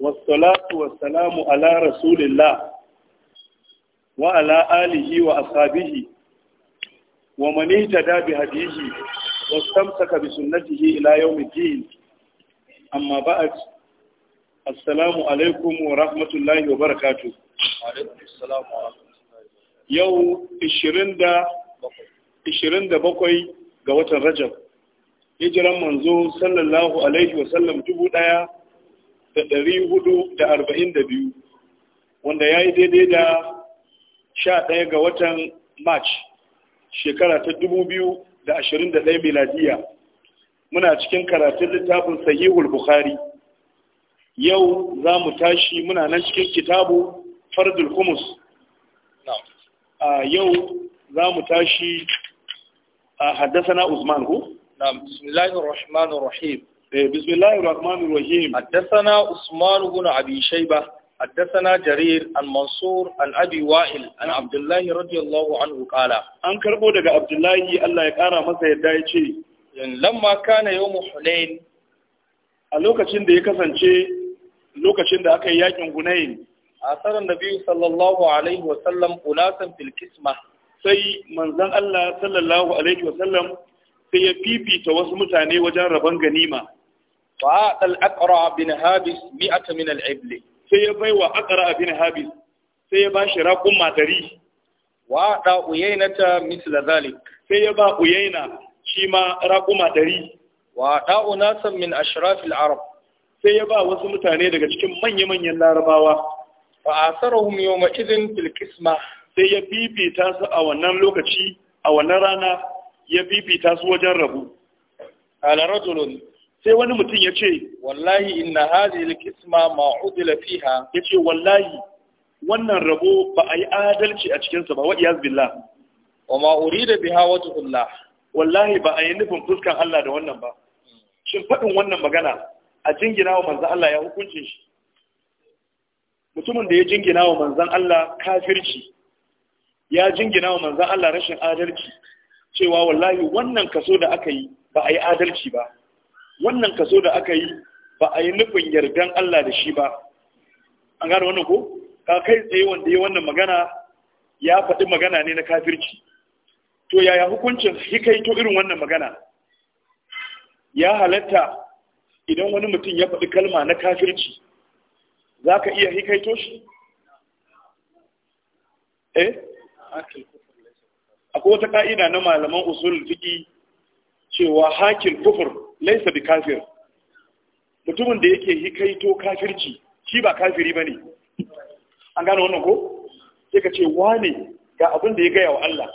wassalatu wassalamu ala rasulillah wa ala alihi wa ashabihi wa man ihtada bi hadihi wastamsaka bi sunnatihi ila yawmiddin amma ba'd assalamu alaikum wa rahmatullahi wa barakatuh yau 27 ga watan rajab hijiran manzo sallallahu alaihi wasallam dubu daya da ɗari hudu da arba'in da biyu wanda ya yi daidai da sha ɗaya ga watan march shekara ta dubu biyu da ashirin da ɗaya miladiya muna cikin karatun littafin sahihul bukhari yau za mu tashi muna nan cikin kitabu fardul humus a yau za mu tashi a haddasa na usman ku? na bismillahir rahmanir rahim بسم الله الرحمن الرحيم حدثنا عثمان بن أبي شيبة حدثنا جرير عن منصور عن أبي وائل عن عبد الله رضي الله عنه قال أن كربو دقى عبد الله الله يقارى مسا يدايشي لما كان يوم حنين لوكاشين da ya kasance lokacin da aka yi yakin Hunain asar annabi sallallahu alaihi wa sallam ulasan sai manzon Allah sallallahu alaihi wa sallam sai ya fifita wasu mutane wajen rabon ganima fa al-aqra bin habis mi'ata min al-ibl sai ya bai baiwa aqra bin habis sai ya bashi raqum madari wa da uyainata misla zalik sai ya ba uyaina shi ma raquma dari wa da unasan min ashrafil arab sai ya ba wasu mutane daga cikin manya-manyan larabawa fa asarahum yawma idhin fil qisma sai ya bibita su a wannan lokaci a wannan rana ya bibita su wajen rabu ala rajulun sai wani mutum ya ce wallahi inna hadhihi alqisma ma udila fiha yace wallahi wannan rabo ba a yi adalci a cikinsa ba wa iyaz billah wa ma urida biha wajhullah wallahi ba a yi nufin fuskan Allah da wannan ba shin faɗin wannan magana a jingina wa manzan Allah ya hukuncin shi mutumin da ya jingina wa manzan Allah kafirci ya jingina wa manzan Allah rashin adalci cewa wallahi wannan kaso da aka yi ba a yi adalci ba wannan kaso da aka yi ba a yi nufin yardan Allah da shi ba an gane wannan ko ka kai tsaye wanda ya wannan magana ya faɗi magana ne na kafirci to yaya hukuncin hikaito irin wannan magana ya halatta idan wani mutum ya faɗi kalma na kafirci za ka iya hikaito shi eh akwai wata ka'ida na malaman usul fiki cewa hakin kufur laisa bi kafir mutumin da yake hikaito kafirci shi ba kafiri bane an gano wannan ko sai ka ce wane ga abin da ya gaya wa Allah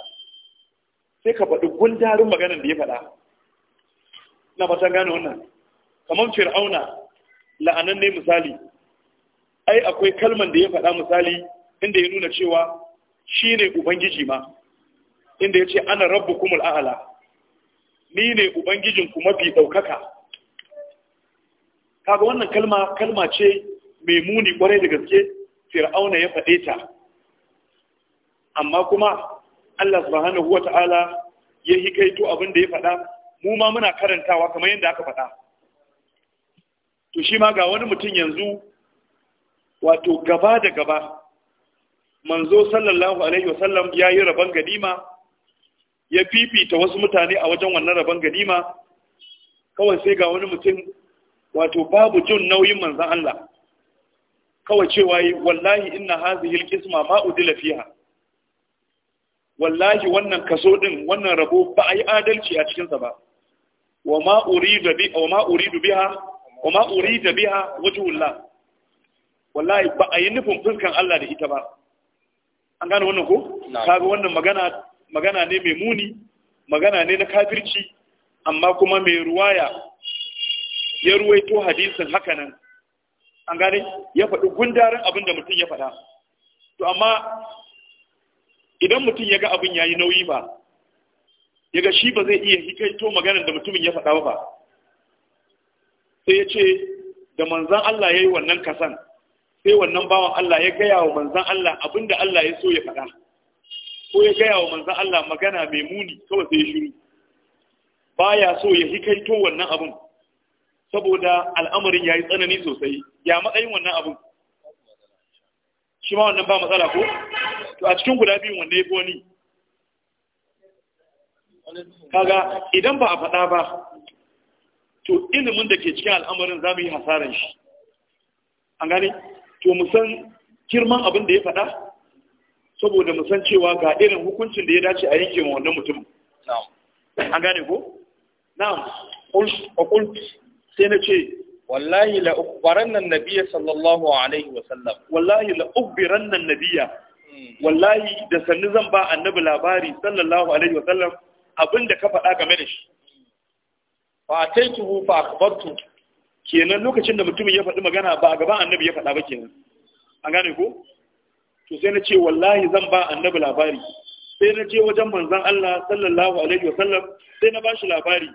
sai ka faɗi gundarin maganar da ya faɗa na ba gano wannan kamar fir'auna la'anan ne misali ai akwai kalman da ya faɗa misali inda ya nuna cewa shi shine ubangiji ma inda ya ce ana rabbukumul a'ala ni ne ubangijinku mafi ɗaukaka kaga wannan kalma kalma ce mai muni kwarai da gaske fir'auna ya faɗe ta amma kuma Allah subhanahu ta'ala ya hikaito abin da ya faɗa mu ma muna karantawa kamar yadda aka faɗa to shi ma ga wani mutum yanzu wato gaba da gaba manzo sallallahu alaihi wasallam ya yi rabon ganima ya fifita wasu mutane a wajen wannan rabon ganima kawai sai ga wani mutum wato babu jin nauyin manzan Allah kawai cewa yi wallahi inna hazihi alqisma ma udila fiha wallahi wannan kaso din wannan rabo ba a yi adalci a cikinsa ba wa ma uridu bi wa ma uridu biha wa ma uridu biha wajhullah wallahi ba a yi nufin fuskan Allah da ita ba an gane wannan ko kaga wannan magana magana ne mai muni magana ne na kafirci amma kuma mai ruwaya ya ruwaito hadisin hakanan an gane ya faɗi gundarin abin da mutum ya faɗa to amma idan mutum ya ga abin ya yi nauyi ba ya ga shi ba zai iya hikaito maganar da mutumin ya faɗa ba sai ya ce da manzan Allah ya yi wannan kasan sai wannan bawan Allah ya gaya wa manzan Allah abin da Allah ya so ya faɗa ko ya gaya wa manzan Allah magana mai muni kawai sai ya shiru ya so ya hikaito wannan abun saboda al'amarin ya yi tsanani sosai ya matsayin wannan abun shi ma wannan ba matsala ko to a cikin guda biyun wanda ya fi wani kaga idan ba a faɗa ba to ilimin da ke cikin al'amarin za mu yi hasaran shi an gane to mu san girman abin da ya faɗa saboda mu san cewa ga irin hukuncin da ya dace a yanke ma wannan mutumin an gane ko na'am qul sai na ce wallahi la ukhbaranna na biya sallallahu alaihi wa sallam wallahi la ukhbiranna na biya. Hmm. wallahi da sannu zan ba annabi labari sallallahu alaihi wa sallam abinda ka faɗa game da shi fa ataituhu fa akhbartu kenan lokacin da mutumin ya faɗi magana ba a gaban annabi ya faɗa ba kenan an gane ko to sai na ce wallahi zan ba annabi labari sai na je wajen manzon Allah sallallahu alaihi wa sallam sai na ba shi labari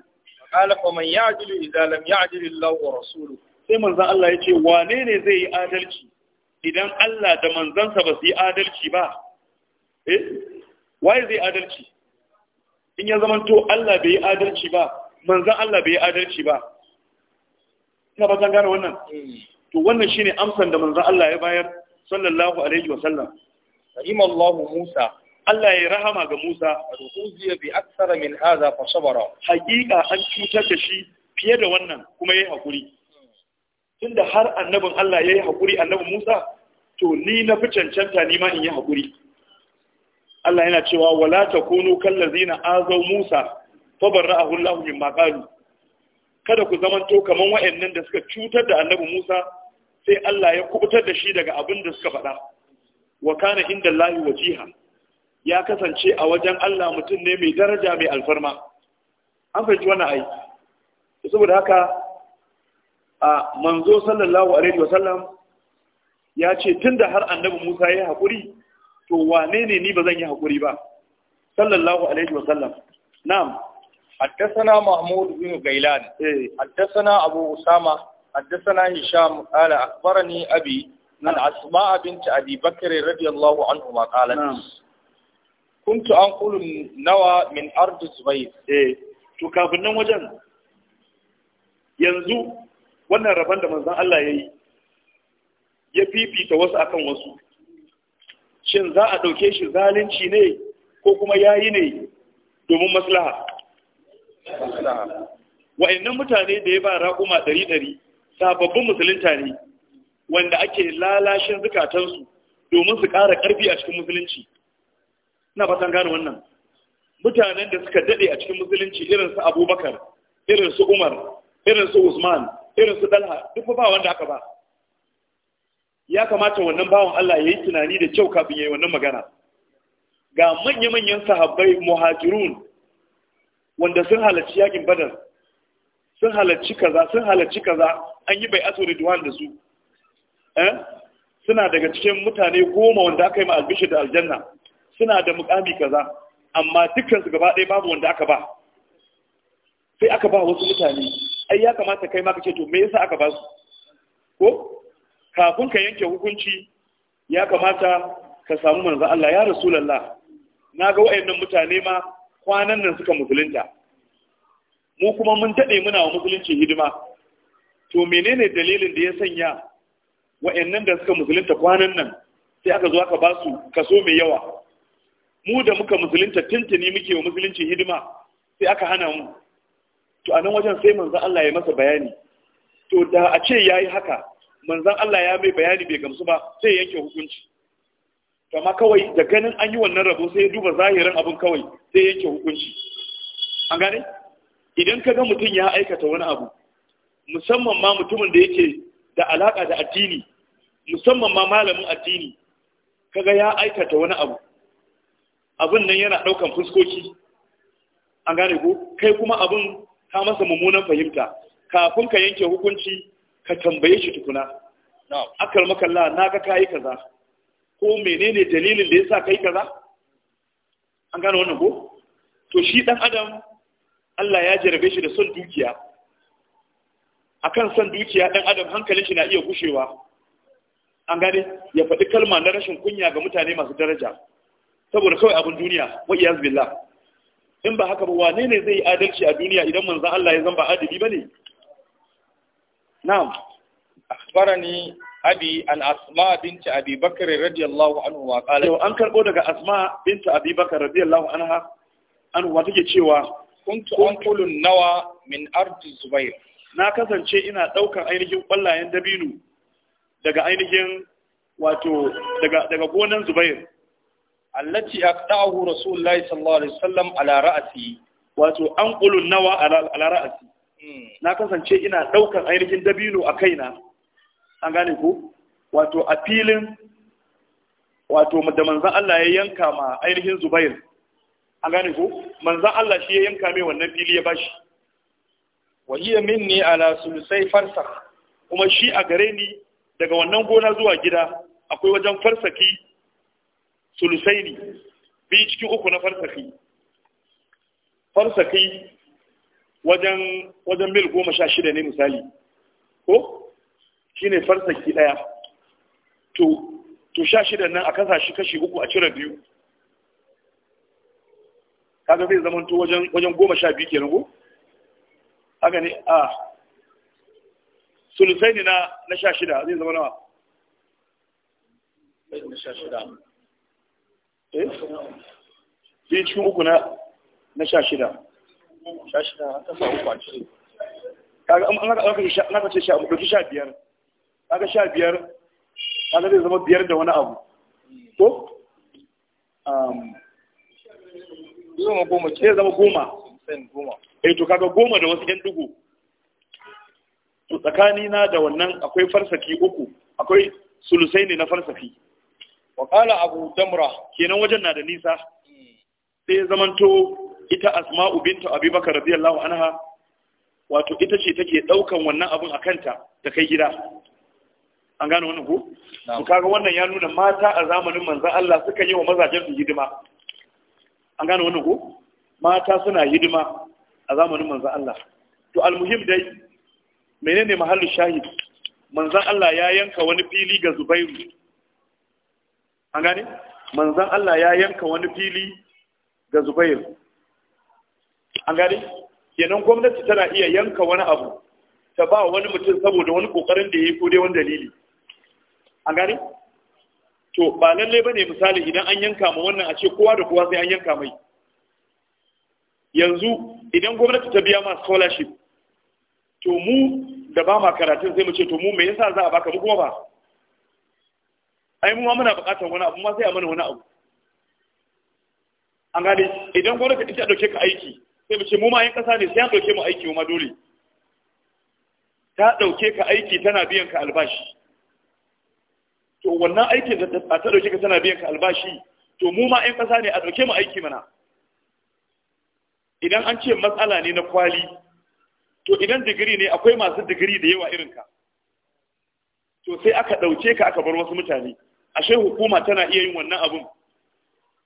qala fa man ya'dilu idza lam ya'dilu Allah wa rasuluhu sai manzon Allah ya ce wane ne zai yi adalci idan Allah da manzansa ba su yi adalci ba eh waye zai adalci in ya to Allah bai yi adalci ba manzon Allah bai yi adalci ba ina ba zan gane wannan hmm. to wannan shine amsan da manzon Allah ya bayar sallallahu alaihi wa sallam rahim Allah Musa Allah ya rahama ga Musa ruhuziya bi aksara min hadha fa sabara haqiqa an cutar da shi fiye da wannan kuma yayi hakuri tunda har annabin Allah yayi hakuri annabin Musa to ni na fi cancanta ni ma in yi hakuri Allah yana cewa wala takunu kallazina azaw Musa fa barra'ahu Allah mimma qalu kada ku zamanto kaman wa'annan da suka cutar da annabi Musa sai Allah ya kubutar da shi daga abin da suka faɗa wa kana inda lahi wajiha ya kasance a wajen Allah mutum ne mai daraja mai alfarma an fahimci wannan ai saboda haka a manzo sallallahu alaihi wa sallam, ya ce tunda har annabi Musa ya hakuri, to wane ne ni ba zan yi hakuri ba sallallahu alaihi wa wasallam na'am حدثنا محمود بن غيلان حدثنا أبو أسامة حدثنا هشام قال أخبرني أبي عن أسماء بنت أبي بكر رضي الله عنهما قالت كنت أنقل النوى من أرض زبيد إيه تكافنا وجن ينزو wannan rabon da manzon Allah ya yi ya fifita wasu akan wasu shin za a ɗauke shi zalunci ne ko kuma ya yi ne domin maslaha wa'annan mutane da ya ba raƙuma ɗari-ɗari sababbin musulunta ne wanda ake lalashin zukatansu domin su ƙara ƙarfi a cikin musulunci na fatan gane wannan mutanen da suka daɗe a cikin musulunci irin abubakar irin umar irin usman irin dalha duk ba wanda aka ba ya kamata wannan bawan Allah ya yi tunani da kyau kafin ya yi wannan magana ga manya-manyan sahabbai muhajirun wanda sun halarci yakin badar sun halarci kaza sun halarci kaza an yi bai aso duwan da su eh? suna daga cikin mutane goma wanda aka yi ma albishir da aljanna suna da mukami kaza amma dukkansu gaba ɗaya babu wanda aka ba sai aka ba wasu mutane ai ya kamata kai ma kace to me yasa aka ba su ko kafin ka yanke hukunci ya kamata ka samu manzo Allah ya rasulullah na ga wayannan mutane ma kwanan nan suka musulunta mu kuma mun dade muna wa musulunci hidima to menene dalilin da ya sanya wa'annan da suka musulunta kwanan nan sai aka zo aka ba su kaso mai yawa mu da muka musulunta tuntuni muke wa musulunci hidima sai aka hana mu to a nan wajen sai manzan Allah ya masa bayani to da a ce ya yi haka manzan Allah ya mai bayani bai gamsu ba sai ya yanke hukunci amma kawai da ganin an yi wannan rabo sai ya duba zahirin abin kawai sai ya yanke hukunci an gane idan ka ga mutum ya aikata wani abu musamman ma mutumin da yake da alaƙa da addini musamman ma malamin addini kaga ya aikata wani abu abin nan yana ɗaukan fuskoki an gane ko kai kuma abin ka masa mummunan fahimta kafin ka yanke hukunci ka tambaye shi tukuna akal makalla na ga ka yi kaza ko menene dalilin da ya sa ka yi kaza an gane wannan ko to shi ɗan adam Allah ya jarabe shi da son dukiya akan son dukiya dan adam hankalin shi na iya gushewa an gane ya faɗi kalma na rashin kunya ga mutane masu daraja saboda kawai abin duniya wa iyaz billah in ba haka ba wane ne zai yi adalci a duniya idan manzon Allah ya zamba adili bane na'am akhbarani abi an asma binti abi bakr radiyallahu anhu wa qala yau an karbo daga asma binti abi bakr radiyallahu anha an wa take cewa kuntu anqulu nawa min ardi zubair na kasance ina ɗaukan ainihin ƙwallayen dabino daga ainihin wato daga gonan zubair allaci a ɗa'ahu rasulullahi sallallahu alaihi wasallam ala ra'asi wato an ƙulun nawa ala ra'asi hmm. na kasance ina ɗaukan ainihin dabino a kaina an gane ku wato a filin wato da manzan Allah ya yanka ma ainihin zubair an gane ku manzan Allah shi ya yanka mai wannan fili ya bashi wa hiya minni ala sulusai farsa kuma shi a gare ni daga wannan gona zuwa gida akwai wajen farsaki sulusai ne bi cikin uku na farsaki farsaki wajen wajen mil goma sha shida ne misali ko shi ne farsaki ɗaya to to sha shida nan a kasa shi kashi uku a cire biyu kaga zai zama wajen wajen goma sha biyu kenan ko haka ne a sulusai ne na sha shida zai zama nawa zai eh? cikin uku na sha shida sha shida a sha biyar sha biyar zai zama biyar da wani abu ko goma, zai zama goma eh to kaga goma da wasu yan dugu to tsakani na da wannan akwai farsafi uku akwai sulusai ne na farsafi wa kala abu damra kenan wajen na da nisa hmm. sai zamanto ita asma'u bintu abubakar radiyallahu anha wato ita ce take daukan wannan abun a kanta ta kai gida an gane wannan ko to kaga wannan ya nuna mata a zamanin manzon Allah suka yi wa mazajen su hidima an gane wannan ko mata suna hidima a zamanin manzan Allah to almuhim dai menene mahallin shahid manzan Allah ya yanka wani fili ga Zubairu an gane manzan Allah ya yanka wani fili ga Zubairu an gane kenan gwamnati tana iya yanka wani abu ta ba wani mutum saboda wani kokarin da ya yi ko dai wani dalili an gane to ba lallai ne misali idan an yanka ma wannan a ce kowa da kowa sai an yanka mai yanzu idan gwamnati ta biya ma scholarship to mu da ba ma karatun sai mu ce to mu me yasa za a baka mu kuma ba ai mu ma muna buƙatar wani abu ma sai a mana wani abu an gane idan gwamnati ita dauke ka aiki sai mu ce mu ma yan ƙasa ne sai an dauke mu aiki mu ma dole ta dauke ka aiki tana biyan ka albashi to wannan aikin da ta dauke ka tana biyan ka albashi to mu ma yan ƙasa ne a dauke mu aiki mana idan an ce matsala ne na kwali to idan digiri ne akwai masu digiri da yawa irin ka to sai aka ɗauke ka aka bar wasu mutane ashe hukuma tana iya yin wannan abun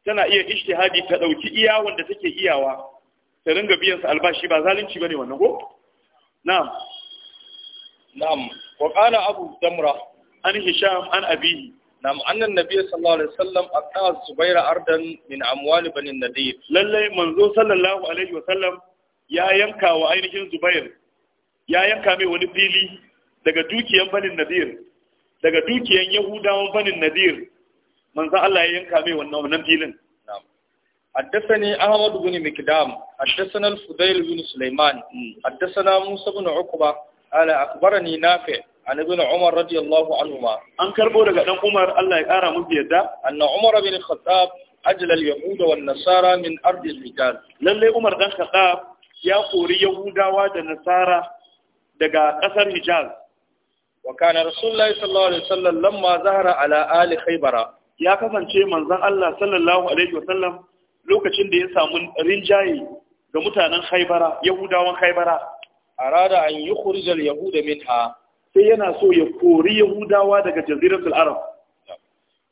tana iya ishtihadi ta ɗauki iya wanda take iyawa ta ringa biyan su albashi ba zalunci bane wannan ko na'am na'am wa qala abu zamra an hisham an abihi Na annan nabi sallallahu alaihi wasallam aqta Zubairu ardan min amwal bani nadir lalle manzo sallallahu alaihi wasallam ya yanka wa ainihin zubair ya yanka mai wani fili daga dukiyan bani nadir daga dukiyan yahudawan bani nadir manzo Allah ya yanka mai wannan wannan filin حدثني أحمد بن مكدام حدثنا الفضيل بن سليمان حدثنا موسى بن عقبة قال أخبرني نافع an ibn umar radiyallahu anhuma an karbo daga dan umar Allah ya kara musu yadda anna umar bin khattab ajla al-yahud wan nasara min ard al-qital lalle umar dan khattab ya kori yahudawa da nasara daga kasar hijaz wa kana rasulullahi sallallahu alaihi wasallam lamma zahara ala ali khaybara ya kasance manzon Allah sallallahu alaihi wasallam lokacin da ya samu rinjaye ga mutanen khaybara yahudawan khaybara arada an yukhrij al-yahud minha sai yana so ya kori yahudawa daga jaziratul arab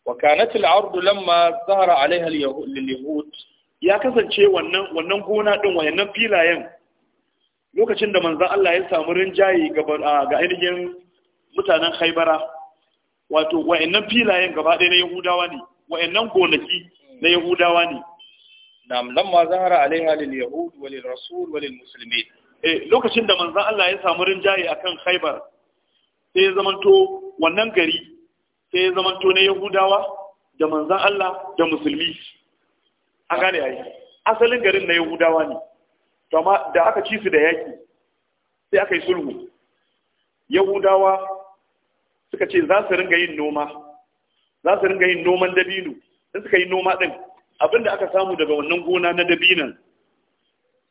wa kanat al-ard lamma zahara alaiha al-yahud ya kasance wannan wannan gona din wayannan filayen lokacin da manzon Allah ya samu rinjaye ga ga ainihin mutanen Khaybara wato wayannan filayen gaba ɗaya na yahudawa ne wayannan gonaki na yahudawa ne nam lamma zahara alaiha lil-yahud wa rasul wa lil-muslimin eh lokacin da manzon Allah ya samu rinjaye akan Khaybar sai ya zamanto wannan gari sai ya zamanto na yahudawa da manzan Allah da musulmi a gane yayi asalin garin na yahudawa ne to amma da aka ci su da yaki sai aka yi sulhu yahudawa suka ce za su ringa yin noma za su ringa yin noman dabino in suka yi noma din abinda aka samu daga wannan gona na dabinan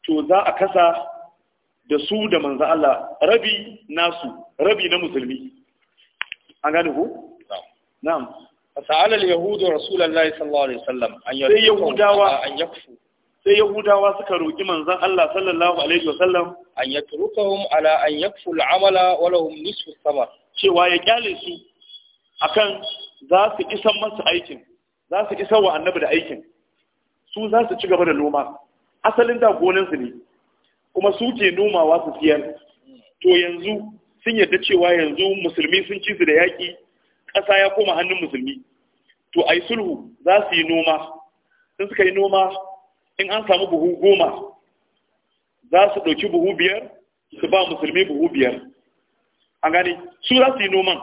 to za a kasa da su da manzo Allah rabi nasu rabi na musulmi an gane ko na'am rasulullahi sallallahu alaihi wasallam an الله sai yahudawa an يكفوا sai yahudawa suka roƙi manzo Allah sallallahu alaihi wasallam an yatrukuhum ala an yakfu amala wa lahum nisfu thamar cewa ya kyale su akan za su isa masa aikin za su isa wa annabi da aikin su za su ci gaba da noma asalin da gonan su ne kuma su ke nomawa su siyar to yanzu sun yadda cewa yanzu musulmi sun ci su da yaƙi ƙasa ya koma hannun musulmi to a yi sulhu za su yi noma in suka yi noma in an samu buhu goma za su ɗauki buhu biyar su ba musulmi buhu biyar an gane su za su yi noman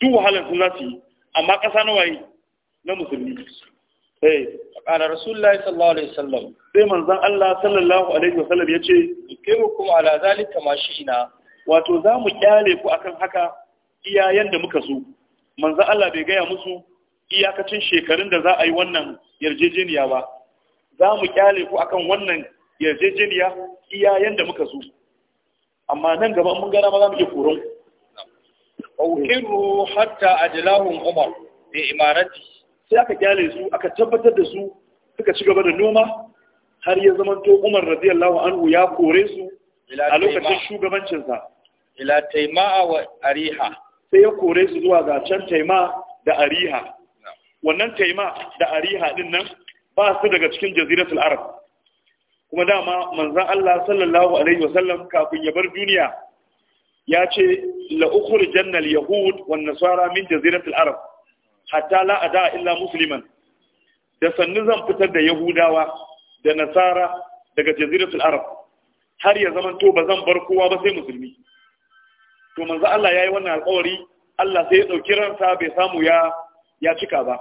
duk wahalar sun za su yi amma ƙasa na waye na musulmi Hey. Eh. a rasulullah sallallahu alaihi wasallam sai manzon Allah sallallahu alaihi wasallam yace kuma ala zalika ma shi'na wato za mu kyale ku akan haka iyayen da muka so manzo Allah bai gaya musu iyakacin shekarun da za a yi wannan yarjejeniya ba za mu kyale ku akan wannan yarjejeniya iyayen da muka so amma nan gaba mun gana ma za mu ke koron ukiru hatta ajlahum umar bi imarati sai aka kyale su aka tabbatar da su suka ci gaba da noma har ya zama to Umar radiyallahu anhu ya kore su a lokacin shugabancinsa ila taima'a wa ariha sai ya kore su zuwa ga can taima da ariha wannan taima da ariha din nan ba su daga cikin jaziratul arab kuma dama manzan Allah sallallahu alaihi wasallam kafin ya bar duniya ya ce la ukhrijanna yahud wan nasara min jaziratul arab hatta la'ada ada illa musliman da sannu zan fitar da yahudawa da nasara daga jaziratul arab har ya zama to ba zan bar kowa ba sai musulmi to manzo Allah yayi wannan alƙawari Allah sai ya dauki ransa bai samu ya ya cika ba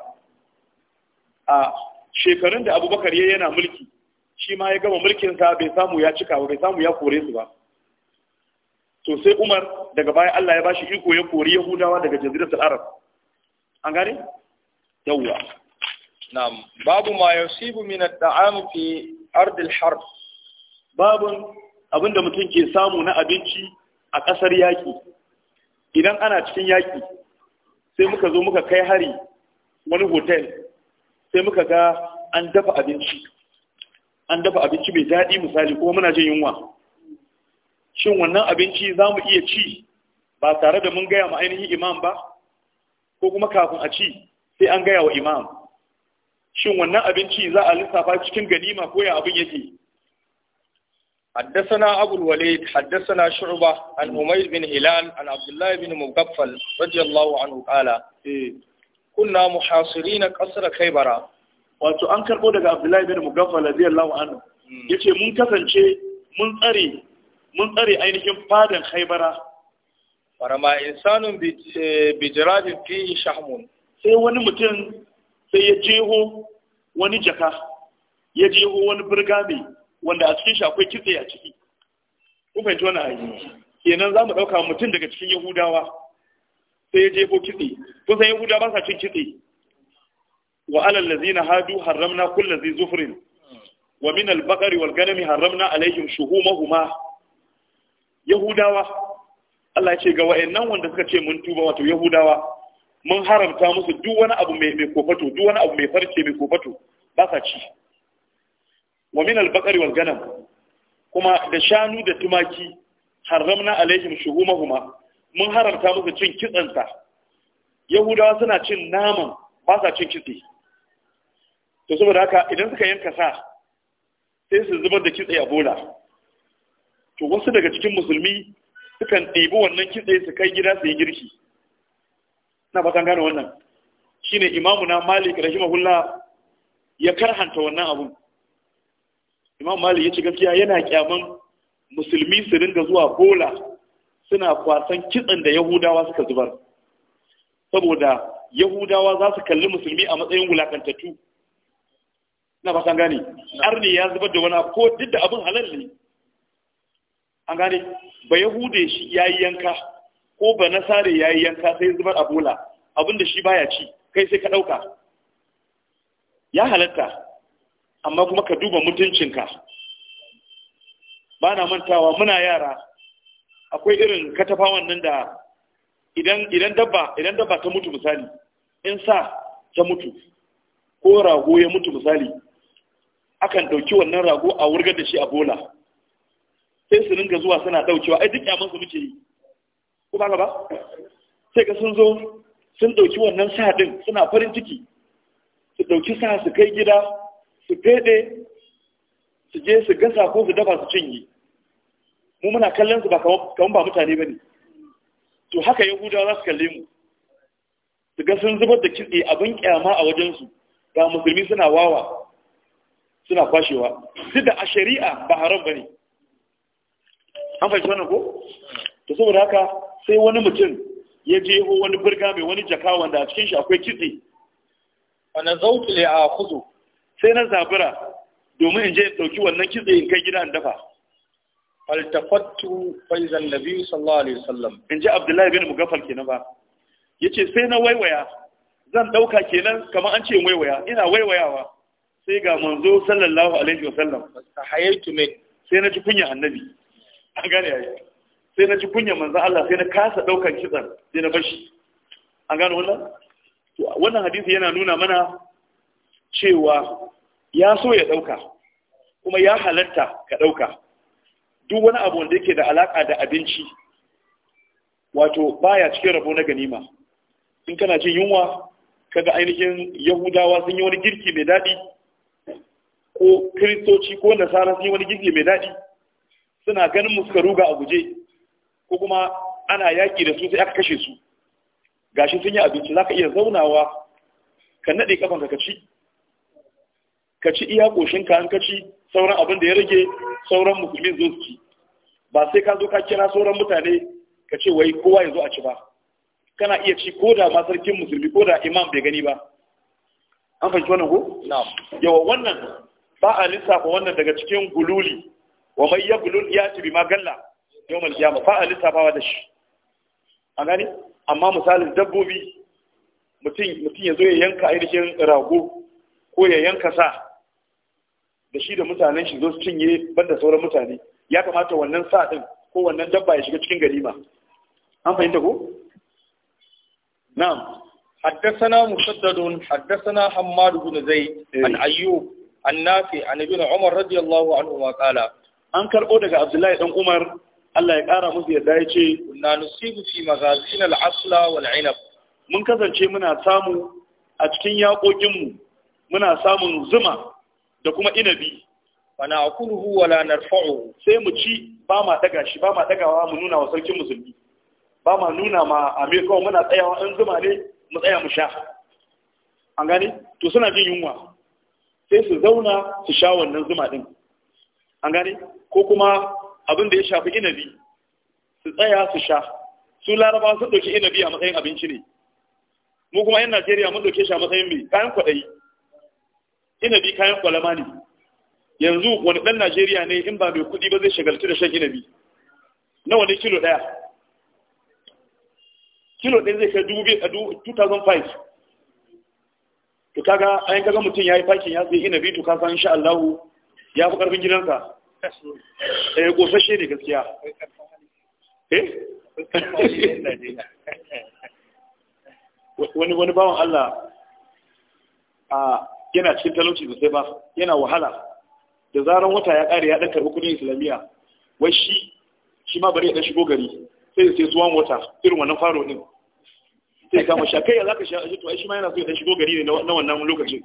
a shekarun da Abubakar yayi yana mulki shi ma ya gama mulkin sa bai samu ya cika ba bai samu ya kore su ba to sai Umar daga baya Allah ya bashi iko ya kori Yahudawa daga jaziratul arab an gane yawwa نعم باب ما يصيب من الطعام في أرض الحرب باب abin da mutum ke samu na abinci a ƙasar yaƙi idan ana cikin yaƙi sai muka zo muka kai hari wani hotel sai muka ga an dafa abinci an dafa abinci mai daɗi misali kuma muna jin yunwa shin wannan abinci za mu iya ci ba tare da mun gaya ma ainihin imam ba ko kuma kafin a ci sai an gaya wa imam shin wannan abinci za a lissafa cikin ganima ko ya abin yake حدثنا أبو الوليد حدثنا شعبة عن أمير بن هلال عن عبد الله بن مغفل رضي الله عنه قال كنا محاصرين قصر خيبر wato an karɓo daga Abdullahi bin Mugaffal radiyallahu anhu hmm. yace mun kasance mun tsare mun tsare ainihin fadan Khaybara farama insanun bi eh, jiradin fi shahmun sai wani mutum sai ya jeho wani jaka ya jeho wani birgami wanda a cikin shi akwai kitse a ciki ku fahimci wannan ayi kenan za mu ɗauka mutum daga cikin yahudawa sai ya jeho kitse Kusan sai yahudawa ba sa cin kitse wa alal ladzina hadu haramna kullu zai zufrin wa min al-baqari wal ganami harramna alaihim shuhumahuma yahudawa Allah ya ce ga nan wanda suka ce mun tuba wato yahudawa mun haramta musu duk wani abu mai kofato duk wani abu mai farce mai kofato ba sa ci wa min al-baqari wal ganam kuma da shanu da tumaki haramna alaihim shuhumahuma mun haramta musu cin kitsansa yahudawa suna cin naman ba sa cin kitse to saboda haka idan suka yanka sa sai su zubar da kitse a bola to wasu daga cikin musulmi sukan ɗebi wannan kitse su kai gida su yi girki na ba gane wannan shine imamu na malik rahimahullah ya karhanta wannan abun imam malik ya ce gaskiya yana kyaman musulmi su dinga zuwa bola suna kwasan kitsan da yahudawa suka zubar saboda yahudawa za su kalli musulmi a matsayin wulakantattu na ba gane arni ya zubar da wani ko duk da abin halal ne an gane ba yahude shi ya yi yanka ko ba sare ya yi yanka sai zubar a bola abinda shi baya ci kai sai ka ɗauka ya halatta amma kuma ka duba mutuncinka ba na mantawa muna yara akwai irin katafawan nan da idan dabba idan dabba ta mutu misali in sa ta mutu ko rago ya mutu misali akan ɗauki wannan rago a wurgar da shi a bola sai su ringa zuwa suna ɗaukewa ai duk musu muke yi ko ba ba sai ka sun zo sun ɗauki wannan sa din suna farin ciki su ɗauki sa su kai gida su fede su je su gasa ko su dafa su cinye mu muna kallon su ba kaman ba mutane ba ne to haka yahudawa za su kalle mu su ga sun zubar da kitse abin kyama a wajen su ga musulmi suna wawa suna kwashewa duk da a shari'a ba haram bane an fahimci wannan ko to saboda haka sai wani mutum ya je wani birga mai wani jaka wanda a cikin shi akwai kitse wani zautu le a kudu sai na zabura domin in je in ɗauki wannan kitse in kai gida in dafa faltafattu faizan nabi sallallahu alaihi wasallam in ji abdullahi bin mugafal kenan ba yace sai na waiwaya zan ɗauka kenan kamar an ce waiwaya ina waiwayawa sai ga manzo sallallahu alaihi wasallam sahayaitu min sai na ji kunya annabi an gane yayi sai na ji kunyar manzan Allah sai na kasa ɗaukar kitsan sai na bashi an gano wannan wannan hadisi yana nuna mana cewa ya so ya ɗauka kuma ya halatta ka ɗauka duk wani abu wanda yake da alaƙa da abinci wato baya cikin rabo na ganima in kana jin yunwa kaga ainihin yahudawa sun yi wani girki mai daɗi ko kiristoci ko nasara sun yi wani girki mai daɗi suna ganin muskaru ga a guje ko kuma ana yaƙi da su sai aka kashe su gashi sun yi abinci za ka iya zaunawa ka naɗe kafan ka ci ka ci iya ƙoshinka an ka sauran abin da ya rage sauran musulmin zo su ci ba sai ka zo ka kira sauran mutane ka ce wai kowa ya zo a ci ba kana iya ci ko da ma sarkin musulmi ko da imam bai gani ba an fahimci wannan ko yawa wannan ba a lissafa wannan daga cikin gululi wa mai ya gulul ya ci bi magalla yau mal kiyama fa’a a lissafawa da shi a gani amma misalin dabbobi mutum ya zo ya yanka ainihin rago ko ya yanka sa da shi da mutanen shi zo su cinye banda sauran mutane ya kamata wannan sa ɗin ko wannan dabba ya shiga cikin ba. an fahimta ko na'am حدثنا مسدد حدثنا حماد بن زيد عن ايوب عن نافع عن ابن عمر رضي الله عنهما قال an karɓo daga Abdullahi Ɗan Umar Allah ya ƙara musu yadda ya ce na nusibu fi magazin al'asla wa inab mun kasance muna samu a cikin yaƙoƙinmu muna samun zuma da kuma inabi na na'kuluhu wa lanar fa’o sai mu ci ba ma daga shi ba ma dagawa mu nuna wa sarkin musulmi ba ma nuna ma amir kawai muna tsayawa in zuma ne mu tsaya mu sha an gani to suna jin yunwa sai su zauna su sha wannan zuma ɗin. an gani ko kuma abin da ya shafi inabi su tsaya su sha su laraba sun ɗauki inabi a matsayin abinci ne mu kuma yan najeriya mun ɗauke shi a matsayin mai kayan kwaɗayi inabi kayan kwalama ne yanzu wani ɗan najeriya ne in ba mai kuɗi ba zai shagalci da shan inabi nawa ne kilo ɗaya kilo ɗaya zai kai dubu biyu a 2005 to kaga mutum ya yi fakin ya sai inabi to san insha Allah ya fi ƙarfin gidansa eh gosashe ne gaskiya eh? wani wani bawan Allah a yana cikin talauci sosai ba yana wahala da zaran wata ya kare ya dan karbi kudin islamiyya wai shi shi ma bari ya ɗan shigo gari sai sai suwan wata irin wannan faro din sai kama sha kai ya zaka sha shi to ai shi ma yana so ya ɗan shigo gari ne na wannan lokacin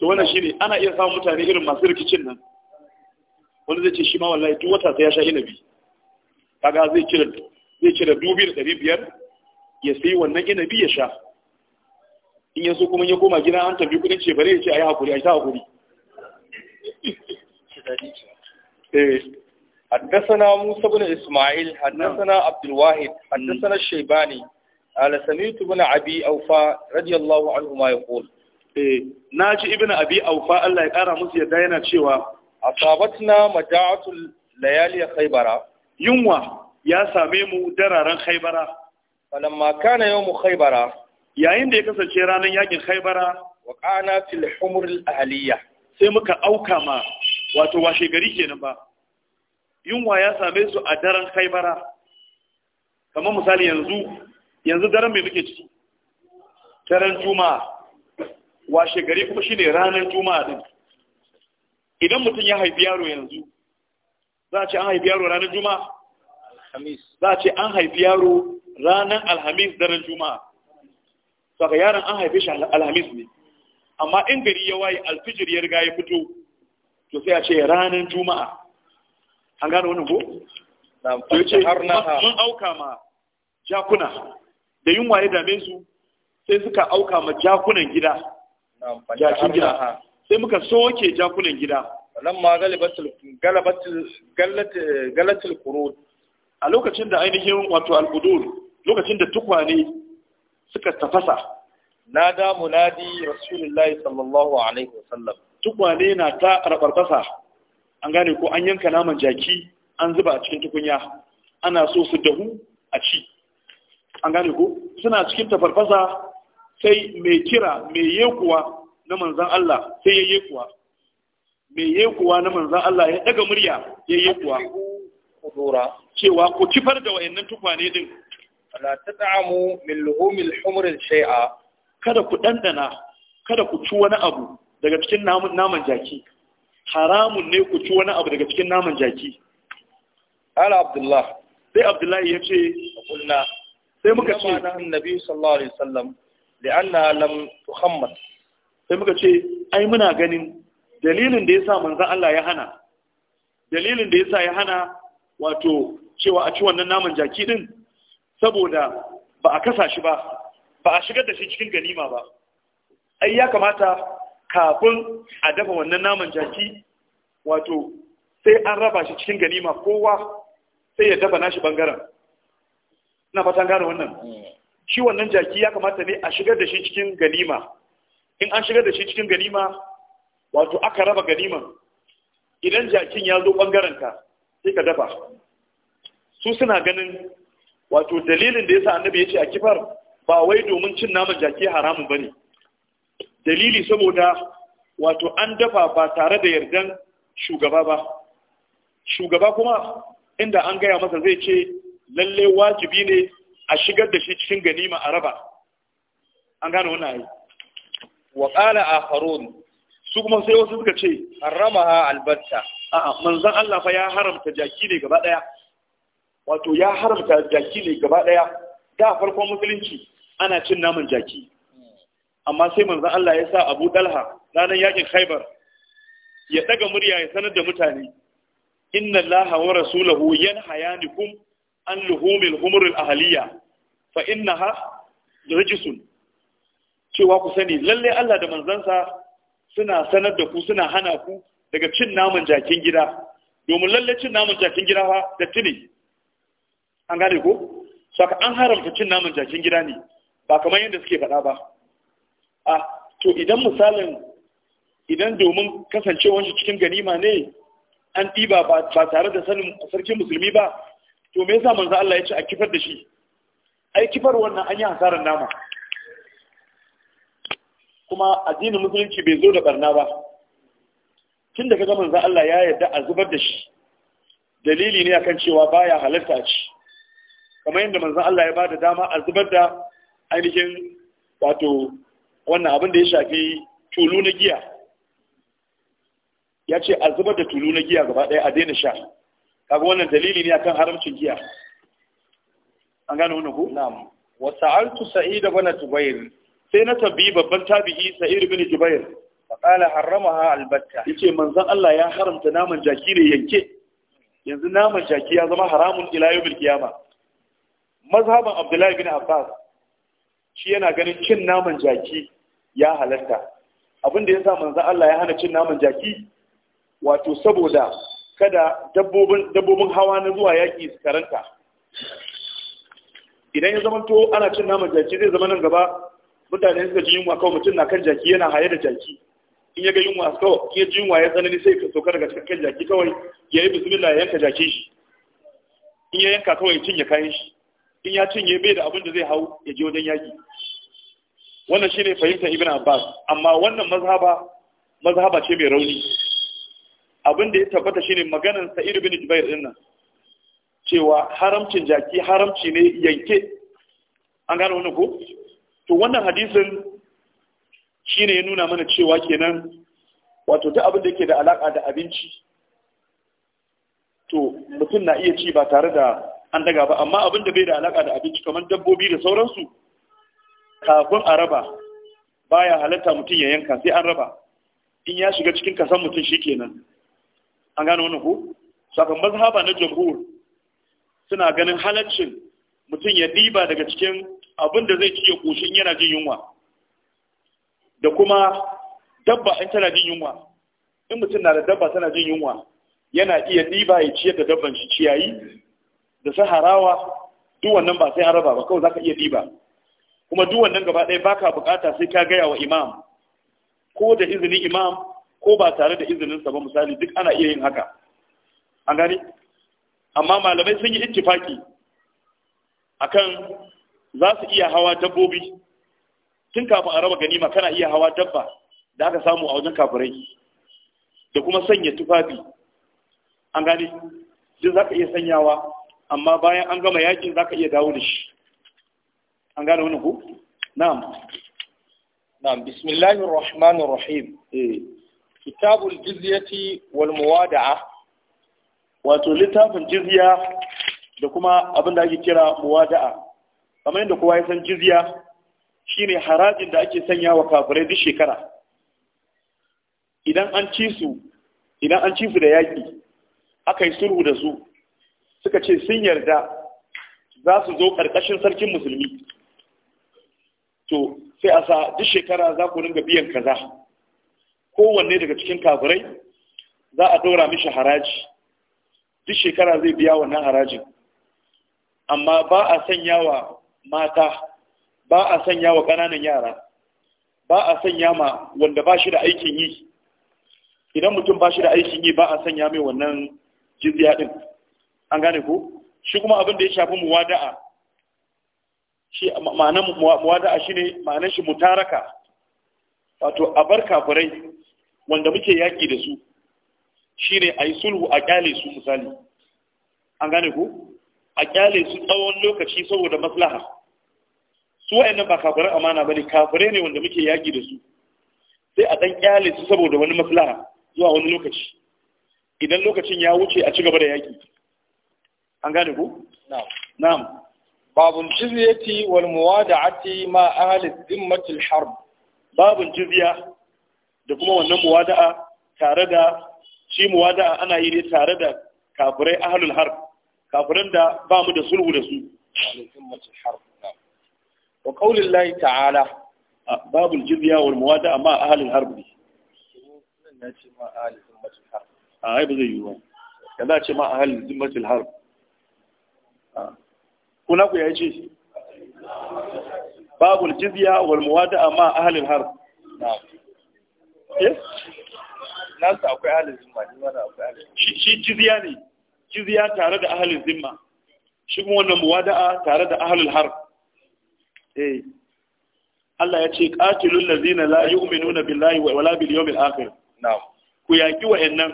to wannan shine ana iya samun mutane irin masu rikicin nan wani zai ce shi ma wallahi duk wata sai ya sha inabi kaga zai cire zai cire dubi da ɗari biyar ya sai wannan inabi ya sha in yanzu kuma ya koma gida an tafi kudin ce bare ya ce a yi hakuri a yi ta hakuri eh. حدثنا موسى بن إسماعيل حدثنا عبد الواحد حدثنا الشيباني على سميت بن عبي أوفا رضي الله عنهما يقول Eh, na ji ibn abi aufa Allah ya kara musu yadda yana cewa asabatna maja'atul layali khaybara yunwa ya same mu dararan khaybara falamma kana yawmu khaybara yayin da ya kasance ranar yakin khaybara wa kana fil humur al ahliya sai muka auka ma wato washe gari kenan ba yunwa ya same su a daren khaybara kamar misali yanzu yanzu daren me muke ciki daren juma'a washe gari kuma ne ranar juma'a din idan mutum ya haifi yaro yanzu za a ce an haifi yaro ranar juma'a za a ce an haifi yaro ranar alhamis daren juma'a saka yaron an haife shi alhamis ne amma in gari ya waye alfijir ya riga ya fito to sai a ce ranar juma'a an gano wani ko? to ce mun auka ma jakuna da yin waye dame su sai suka auka ma jakunan gida jakin gida sai muka soke jakunan gida lamma galabatul galabatul galatul qurud a lokacin da ainihin wato al-qudur lokacin da tukwane suka tafasa na da munadi rasulullahi sallallahu alaihi wasallam tukwane na ta rabarbasa an gane ko an yanka naman jaki an zuba a cikin tukunya ana so su dahu a ci an gane ko suna cikin tafarfasa sai mai kira mai yekuwa na manzan Allah sai ya yi kuwa mai yi kuwa na manzan Allah ya daga murya ya yi kuwa cewa ku kifar da wayannan tukwane din la tat'amu min luhumil humr shay'a kada ku dandana kada ku ci wani abu daga cikin naman jaki haramun ne ku ci wani abu daga cikin naman jaki ala abdullah sai abdullahi ya ce kulna sai muka ce annabi sallallahu alaihi wasallam li'anna lam tuhammad sai muka ce ai muna ganin dalilin da yasa manzon Allah ya hana dalilin da yasa ya hana wato cewa a ci wannan naman jaki din saboda ba a kasa shi ba ba a shigar da shi cikin ganima ba ai ya kamata kafin a dafa wannan naman jaki wato sai an raba shi cikin ganima kowa sai ya dafa nashi bangaren ina fatan gane wannan hmm. shi wannan jaki ya kamata ne a shigar da shi cikin ganima in an shigar da shi cikin ganima wato aka raba ganiman idan jakin ya zo ɓangarenka sai ka dafa su suna ganin wato dalilin da ya sa annabi ya ce a kifar ba wai domin cin naman jaki haramun ba ne dalili saboda wato an dafa ba tare da yardan shugaba ba shugaba kuma inda an gaya masa zai ce lallai wajibi ne a shigar da shi cikin ganima a raba an gane wannan ayi Waƙala a akharun su kuma sai wasu suka ce haramaha albatta a'a manzon Allah fa ya haramta jaki ne gaba daya wato ya haramta jaki ne gaba ɗaya? da farkon musulunci ana cin naman jaki amma sai manzon Allah ya sa Abu ɗalha ranar yakin haibar ya ɗaga murya ya sanar da mutane inna allaha wa rasulahu yanhayanikum an luhumil humuril ahliya fa innaha rijsun cewa ku sani lalle Allah da manzansa suna sanar da ku suna hana ku daga cin naman jakin gida domin lalle cin naman jakin gida fa da tuni an gane ko saka an haramta cin naman jakin gida ne ba kamar yadda suke faɗa ba a to idan misalin idan domin kasancewar shi cikin ganima ne an ɗiba ba tare da sanin sarkin musulmi ba to me yasa manzo Allah ya ce a kifar da shi ai kifar wannan an yi hasarar nama kuma addinin musulunci bai zo da barna ba tun da kaga za Allah ya yarda a zubar da shi dalili ne akan cewa baya halarta a ci kamar yadda manzon Allah ya bada dama a zubar da ainihin wato wannan abin da ya shafi tulu na giya ya ce a zubar da tulu na giya gaba ɗaya a daina sha kaga wannan dalili ne akan haramcin giya an gane wannan ko na'am wa sa'altu sa'id ibn tubayr sai na tambayi babban tabi'i sa'ir ibn jubair faqala harramaha albatta yace manzon Allah ya haramta naman jaki ne yanke yanzu naman jaki ya zama haramun ila yawmil qiyama mazhaban abdullahi ibn abbas shi yana ganin cin naman jaki ya halatta abin da yasa manzon Allah ya hana cin naman jaki wato saboda kada dabbobin dabbobin hawa na zuwa yaki su karanta idan ya zama to ana cin naman jaki zai zama nan gaba mutane suka ji yunwa kawai mutum na kan jaki yana haye da jaki in ya ga yunwa kawai in ya ji yunwa ya tsanani sai ka sauka daga kan jaki kawai ya yi bismillah ya yanka jaki shi in ya yanka kawai ya cinye kayan shi in ya cinye bai da abin da zai hau ya je wajen yaki wannan shine fahimtar ibn abbas amma wannan mazhaba mazhaba ce mai rauni abin da ya tabbata shine maganar sa'id ibn jubair din nan cewa haramcin jaki haramci ne yanke an gane wannan ko to wannan hadisin shine ya nuna mana cewa kenan wato duk abin da yake da alaka da abinci to mutum na iya ci ba tare da an daga ba amma abin da bai da alaka da abinci kamar dabbobi da sauransu kafin a raba baya halatta mutum ya yanka sai an raba in ya shiga cikin kasan mutum shikenan an gane wannan ko sakon mazhaba na jamhur suna ganin halaccin mutum ya diba daga cikin abin da zai ci koshin yana jin yunwa da kuma dabba in tana jin yunwa in mutum na da dabba tana jin yunwa yana iya ɗiba ya ciyar da dabban shi ciyayi da saharawa duk wannan ba sai an raba ba kawai zaka iya ɗiba kuma duk wannan gaba ɗaya baka bukata sai ka gaya wa imam ko da izinin imam ko ba tare da izinin sa ba misali duk ana iya yin haka an gani amma malamai sun yi ittifaki akan za su iya hawa dabbobi tun kafin a raba ganima kana iya hawa dabba da aka samu a wajen kafirai da kuma sanya tufafi an gane duk za ka iya sanyawa amma bayan an gama yakin za ka iya dawo da shi an gane wani ku? na'am na'am bismillahir rahmanir rahim eh. kitabul jizyati wal muwada'a wato littafin jizya da kuma abin da ake kira muwada'a kamar yadda kowa ya san jizya shine harajin da ake sanya wa kafirai duk shekara idan an ci su idan an ci su da yaƙi aka yi sulhu da su suka ce sun yarda za su zo ƙarƙashin sarkin musulmi to sai a sa duk shekara za ku ringa biyan kaza kowanne daga cikin kafirai za a ɗora mishi haraji duk shekara zai biya wannan harajin amma ba a sanya wa mata ba a sanya wa ƙananan yara ba a sanya ma wanda ba shi da aikin yi idan mutum ba shi da aikin yi ba a sanya mai wannan jizya din an gane ku. shi kuma abin da ya shafi muwada'a shi ma'anar muwada'a shine ma'anar shi mutaraka wato a bar kafirai wanda muke yaƙi da su shine a yi sulhu a kyale su misali an gane ku. a kyale su tsawon lokaci saboda maslaha su wa'annan ba kafirai amana bane kafirai ne wanda muke yaki da su sai a dan kyale su saboda wani maslaha zuwa wani lokaci idan lokacin ya wuce a ci gaba da yaki an gane ku na'am na'am babun jizyati wal muwada'ati ma ahli zimmati al harb babun jizya da kuma wannan muwada'a tare da shi muwada'a ana yi ne tare da kafirai ahlul harb kafiran da ba mu da sulhu da su ahlul dhimmati al harb wa qaulin lahi ta'ala babul jizya wal muwada amma ahlul harb harbi. na ce ma ahlul zimmatul harb a ai ba zai yi ba kaza ce ma ahlul zimmatul harb kuna ku yayi ce babul jizya wal muwada amma ahlul harb na'am eh nasa akwai ahalin zimma ne wanda akwai ahalin shi jizya ne jizya tare da ahalin zimma shi kuma wannan muwada'a tare da ahalul harbi. Eh. Allah ya ce qatilul lazina la yu'minuna billahi wala bil yawmil akhir na ku yaki wa'annan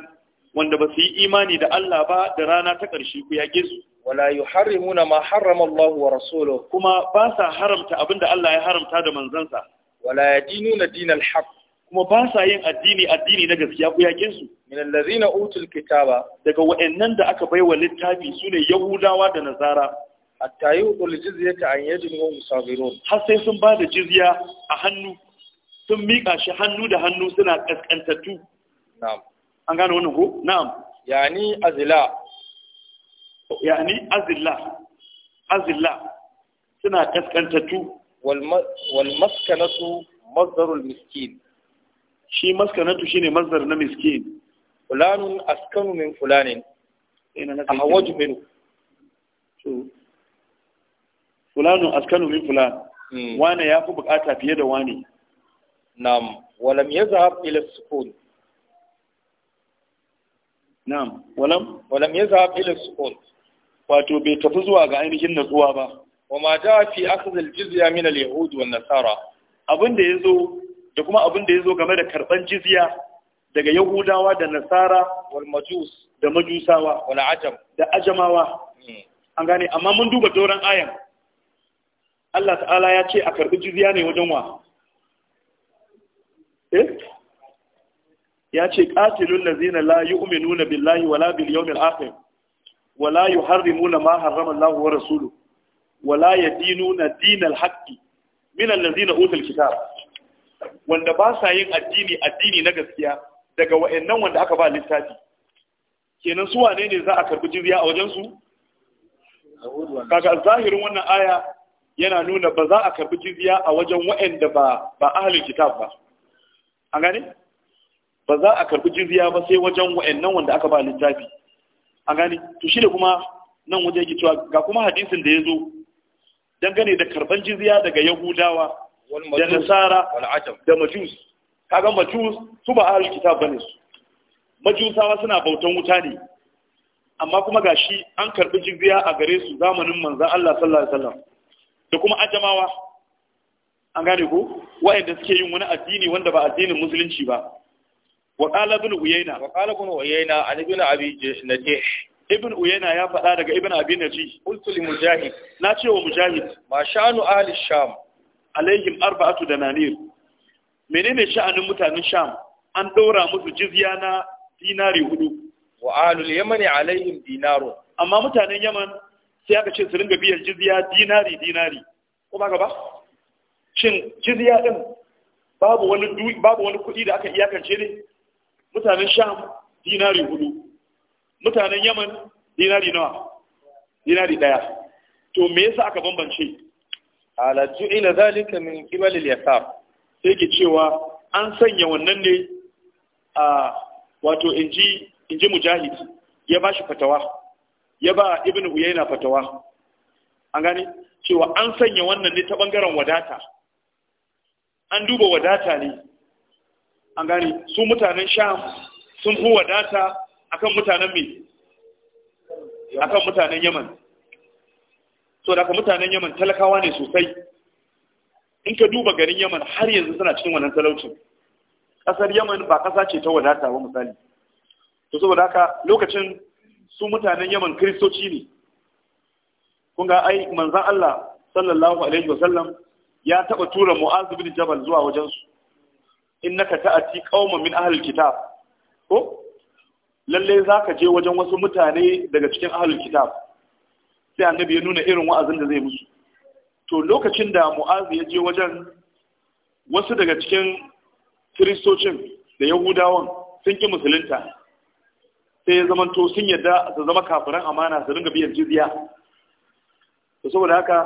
wanda ba su yi imani da Allah ba da rana ta ƙarshe ku yake su wala yuharrimuna ma harrama Allah wa kuma ba sa haramta abinda Allah ya haramta da manzansa wala ya nuna dinal haf kuma ba sa yin addini addini na gaskiya ku yake su min lazina utul kitaba daga nan da aka baiwa littafi su ne yahudawa da nazara hatta yi hukul jizya ta an yadin wa musabirun har sai sun ba da jizya a hannu sun miƙa shi hannu da hannu suna ƙasƙantattu na'am an gane wannan ko na'am yani azila yani azilla azilla suna ƙasƙantattu wal maskanatu mazdarul miskin shi maskanatu shine mazdar na miskin fulanun askanu min fulanin a hawaju minu fulanun askanu min fulan hmm. wane ya fi bukata fiye da wane nam walam yazhab ila sukun nam walam walam yazhab ila sukun wato bai tafi zuwa ga ainihin natsuwa ba wa ma ja fi akhdh al jizya min al yahud nasara abin da yazo da kuma abin da yazo game da karban jizya daga yahudawa da nasara wal majus da majusawa wal ajam da ajamawa hmm. an gane amma mun duba doran ayan Allah ta'ala ya ce a karbi jizya ne wajen wa eh ya ce qatilul ladzina la yu'minuna billahi wala bil yawmil akhir wala yuharrimuna ma harrama Allah wa rasuluhu wala yadinuna dinal haqqi min allazina utul kitab wanda ba sa yin addini addini na gaskiya daga wa'annan wanda aka ba littafi kenan su wane ne za a karbi jizya a wajen su kaga zahirin wannan aya yana nuna ba za a karbi jizya a wajen waɗanda ba ba ahlul kitab ba an gane ba za a karbi jizya ba sai wajen nan wanda aka ba littafi an gane to shi da kuma nan waje yake cewa ga kuma hadisin da ya zo dangane da karban jizya daga yahudawa da nasara da majus kaga majus su ba ahlul kitab bane su majusawa suna bautan wuta ne amma kuma gashi an karbi jizya a gare su zamanin manzon Allah sallallahu alaihi wasallam da kuma ajamawa an gane ku wa'anda suke yin wani addini wanda ba addinin musulunci ba wa qala ibn uyayna wa qala ibn uyayna an ibn abi najih ibn uyayna ya faɗa daga ibn abi najih qultu li mujahid na ce wa mujahid ma sha'anu ahli sham alaihim arba'atu dananir menene sha'anin mutanen sham an daura musu jizya na dinari hudu wa ahli yamani alaihim dinaru amma mutanen yaman sai aka ce su ringa biyan jizya dinari dinari ko ba ba shin jizya din babu wani babu wani kuɗi da aka iyakance ne mutanen sham dinari hudu mutanen yaman dinari nawa dinari daya to me yasa aka bambance ala ju'ila zalika min qibal al-yasar sai ke cewa an sanya wannan ne a wato inji inji mujahid ya bashi fatawa ya ba ibn uyayna fatawa an gani cewa an sanya wannan ne ta bangaren wadata an duba wadata ne an gani su mutanen sham sun fi wadata akan mutanen me akan mutanen yaman so da mutanen yaman talakawa ne sosai in ka duba garin yaman har yanzu suna cikin wannan talaucin ƙasar yaman ba ƙasa ce ta wadata ba misali to saboda haka lokacin su mutanen yaman kristoci ne kun ga ai manzan Allah sallallahu alaihi wa sallam ya taba tura mu'az bin jabal zuwa wajen su innaka ta'ati qauman min ahli kitab ko lalle zaka je wajen wasu mutane daga cikin ahli kitab sai annabi ya nuna irin wa'azin da zai musu to lokacin da mu'az ya je wajen wasu daga cikin kristocin da yahudawan sun ki musulunta sai ya zama to sun yadda su zama kafiran amana su ringa biyan jizya to saboda haka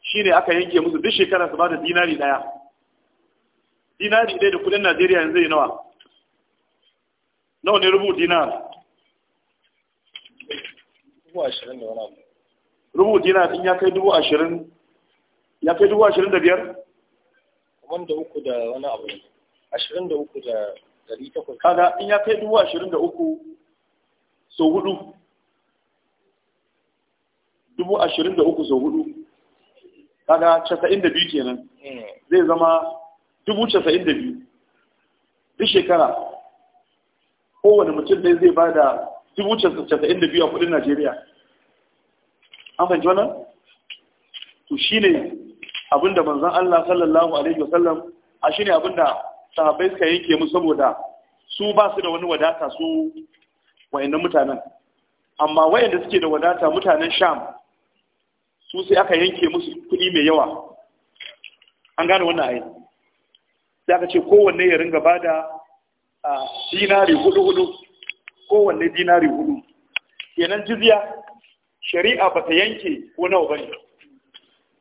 shine aka yanke musu duk shekara su bada dinari daya dinari dai da kudin Najeriya yanzu yana nawa nawa ne rubu dinar rubu dinar din ya kai dubu ashirin ya kai dubu ashirin da biyar uku da wani abu ashirin da uku da dari takwas kaga in ya kai dubu ashirin da uku sau hudu dubu ashirin da uku sau hudu kaga casa'in da biyu kenan zai zama dubu casa'in da biyu duk shekara kowane mutum ne zai ba da dubu casa'in da biyu a kudin najeriya an fahimci wannan to shi ne abinda manzan allah sallallahu alaihi wasallam a shi ne abinda sahabai suka yanke mu saboda su ba su da wani wadata su wa'annan mutanen amma wayanda suke da wadata mutanen sham su sai aka yanke musu kuɗi mai yawa an gane wannan ayi sai aka ce kowanne ya ringa ba da dinari hudu hudu kowanne dinari hudu kenan jizya shari'a ba ta yanke ko nawa bane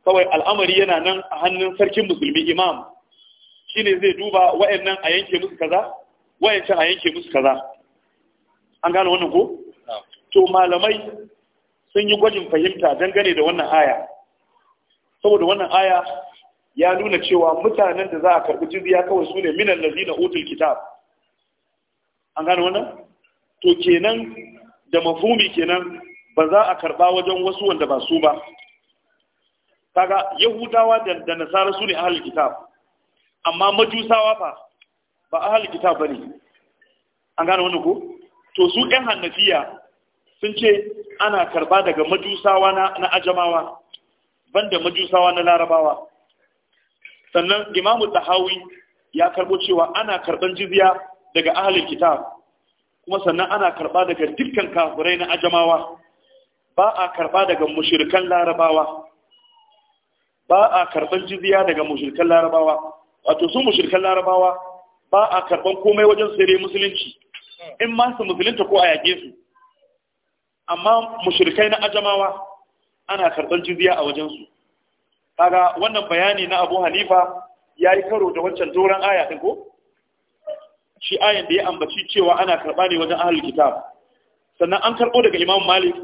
kawai al'amari yana nan a hannun sarkin musulmi imam shine zai duba wayannan a yanke musu kaza wayancan a yanke musu kaza an gano wannan ko to malamai sun yi gwajin fahimta dangane da wannan aya saboda wannan aya ya nuna cewa mutanen da za a karɓi jizya kawai su ne minan na otun kitab an gano wannan to kenan da mafumi kenan ba za a karɓa wajen wasu wanda ba su ba kaga yahudawa da nasara su ne ahal kitab amma majusawa fa ba ahal kitab ba ne. an gano wannan ko to su ƴan hannafiya sun ce ana karba daga majusawa na ajamawa banda majusawa na larabawa sannan imamu tahawi ya karbo cewa ana karban jizya daga ahalin kitab kuma sannan ana karba daga dukkan kafurai na ajamawa ba a karba daga mushirkan larabawa ba a karban jizya daga mushirkan larabawa wato su mushirkan larabawa ba a karban komai wajen sere musulunci in ma su musulunta ko a yaƙe su amma mushrikai na ajamawa ana karɓar jiziya a wajensu kaga wannan bayani na abu hanifa ya yi karo da wancan doron aya ɗin ko shi ayan da ya ambaci cewa ana karɓa ne wajen ahalul kitab sannan an karɓo daga imam malik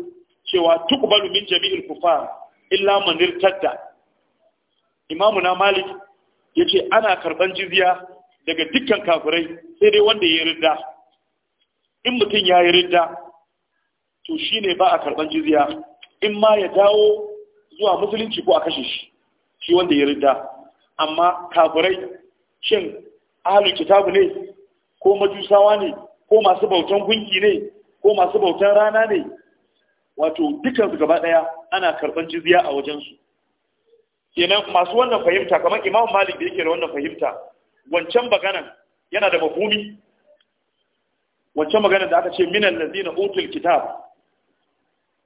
cewa tuqbalu min jami'il kufar illa manir tadda imamu na malik ya ce ana karɓar jiziya daga dukkan kafirai sai dai wanda ya yi ridda in mutum ya yi ridda to shi ne ba a karɓar jizya in ma ya dawo zuwa musulunci ko a kashe shi shi wanda ya ridda amma kafirai shin ahalin kitabu ne ko majusawa ne ko masu bautan gunki ne ko masu bautan rana ne wato dukansu gaba ɗaya ana karɓar jizya a wajensu kenan masu wannan fahimta kamar imam malik da yake da wannan fahimta wancan baganan yana da mafumi wacce magana da aka ce minan lazina utul kitab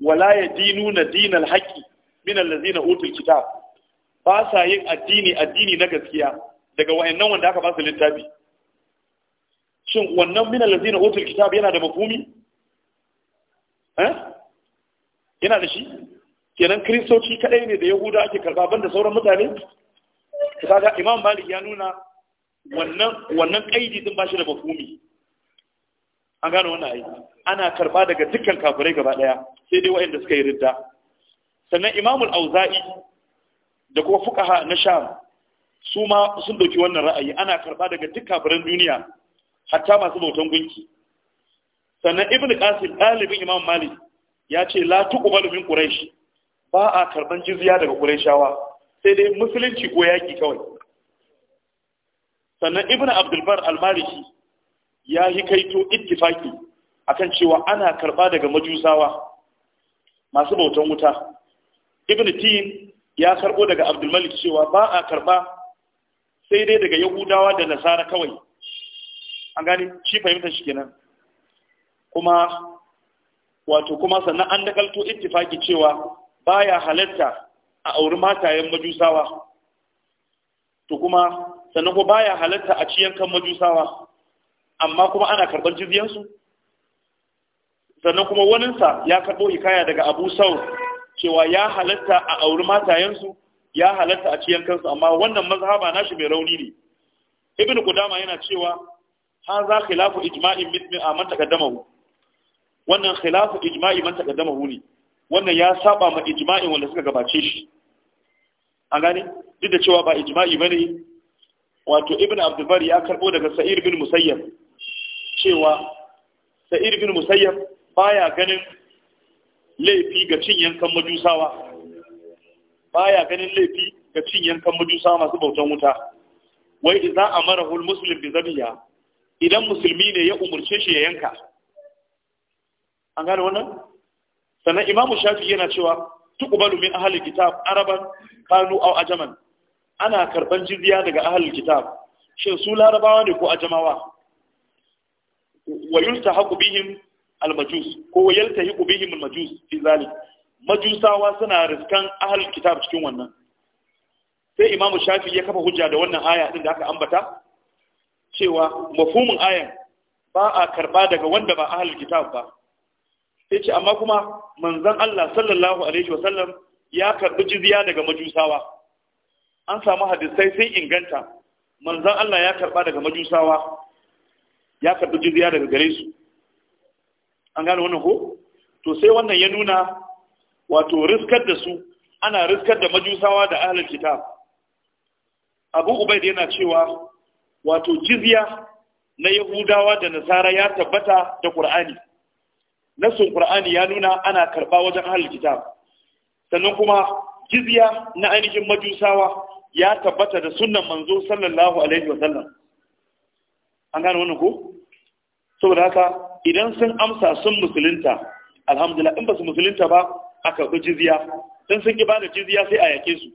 wala ya dinu na dinar haƙi minan lazina utul kitab ba sa yin addini addini na gaskiya daga wayannan wanda aka ba su littafi shin wannan minan lazina utul kitab yana da mafumi eh yana da shi kenan kristoci kadai ne da yahuda ake karba banda sauran mutane kaga imam malik ya nuna wannan wannan kaidi din ba shi da mafumi an gano wannan ayi ana karba daga dukkan kafirai gaba daya sai dai waɗanda suka yi ridda sannan imamul auza'i da kuma fuqaha na sham su ma sun dauki wannan ra'ayi ana karba daga duk kafiran duniya hatta masu bautan gunki sannan ibnu qasim dalibin imam malik ya ce la tuqbalu min quraish ba a karban jizya daga quraishawa sai dai musulunci ko yaki kawai sannan ibnu abdul bar al-maliki ya yi kaito ittifaki akan cewa ana karba daga majusawa masu bautan wuta ibn tin ya karɓo daga abdulmalik cewa ba a karba sai dai daga yahudawa da nasara kawai an gani shi fahimtar shi kenan kuma wato kuma sannan an nakalto ittifaki cewa baya halatta a auri matayen majusawa to kuma sannan ko baya halatta a ciyan kan majusawa amma kuma ana karɓar jibiyansu sannan kuma waninsa ya karɓo hikaya daga abu sau cewa ya halatta a auri matayensu ya halatta a ciyan kansu amma wannan mazhaba nashi mai rauni ne ibn qudama yana cewa ha za khilafu ijma'in mithli a man taqaddamahu wannan khilafu ijma'i man taqaddamahu ne wannan ya saba ma ijma'in wanda suka gabace shi an gane duk da cewa ba ijma'i bane wato ibn abdul ya karbo daga sa'ir bin musayyab cewa sa'id bin musayyab baya ganin laifi ga cin yankan majusawa baya ganin laifi ga cin yankan majusawa masu bautan wuta wai idza amarahu almuslim bi zabiya idan musulmi ne ya umurce shi ya yanka an gane wannan sannan imamu shafi yana cewa tuqbalu min ahli kitab araban kanu aw ajaman ana karban jizya daga ahli kitab shin su larabawa ne ko ajamawa wa yultahiqu bihim almajus ko wa yaltahiqu bihim almajus, fi zalik majusawa suna riskan ahal kitab cikin wannan sai imamu shafi ya kafa hujja da wannan aya din da aka ambata cewa mafhumin ayan ba a karba daga wanda ba ahlul kitab ba sai ce amma kuma manzon Allah sallallahu alaihi wasallam ya karbi jiziya daga majusawa an samu hadisai sai inganta manzon Allah ya karba daga majusawa ya karɓi jizya daga gare su an gane wannan ko to sai wannan ya nuna wato riskar da su ana riskar da majusawa da ahlul kitab abu ubaid yana cewa wato jizya na yahudawa da nasara ya tabbata da qur'ani nasu qur'ani ya nuna ana karɓa wajen ahlul kitab sannan kuma jizya na ainihin majusawa ya tabbata da sunnan manzo sallallahu alaihi wa sallam an gane wannan ko saboda haka idan sun amsa sun musulunta alhamdulillah in ba su musulunta ba a karɓi jiziya, sun sun ki bada jiziya sai a yake su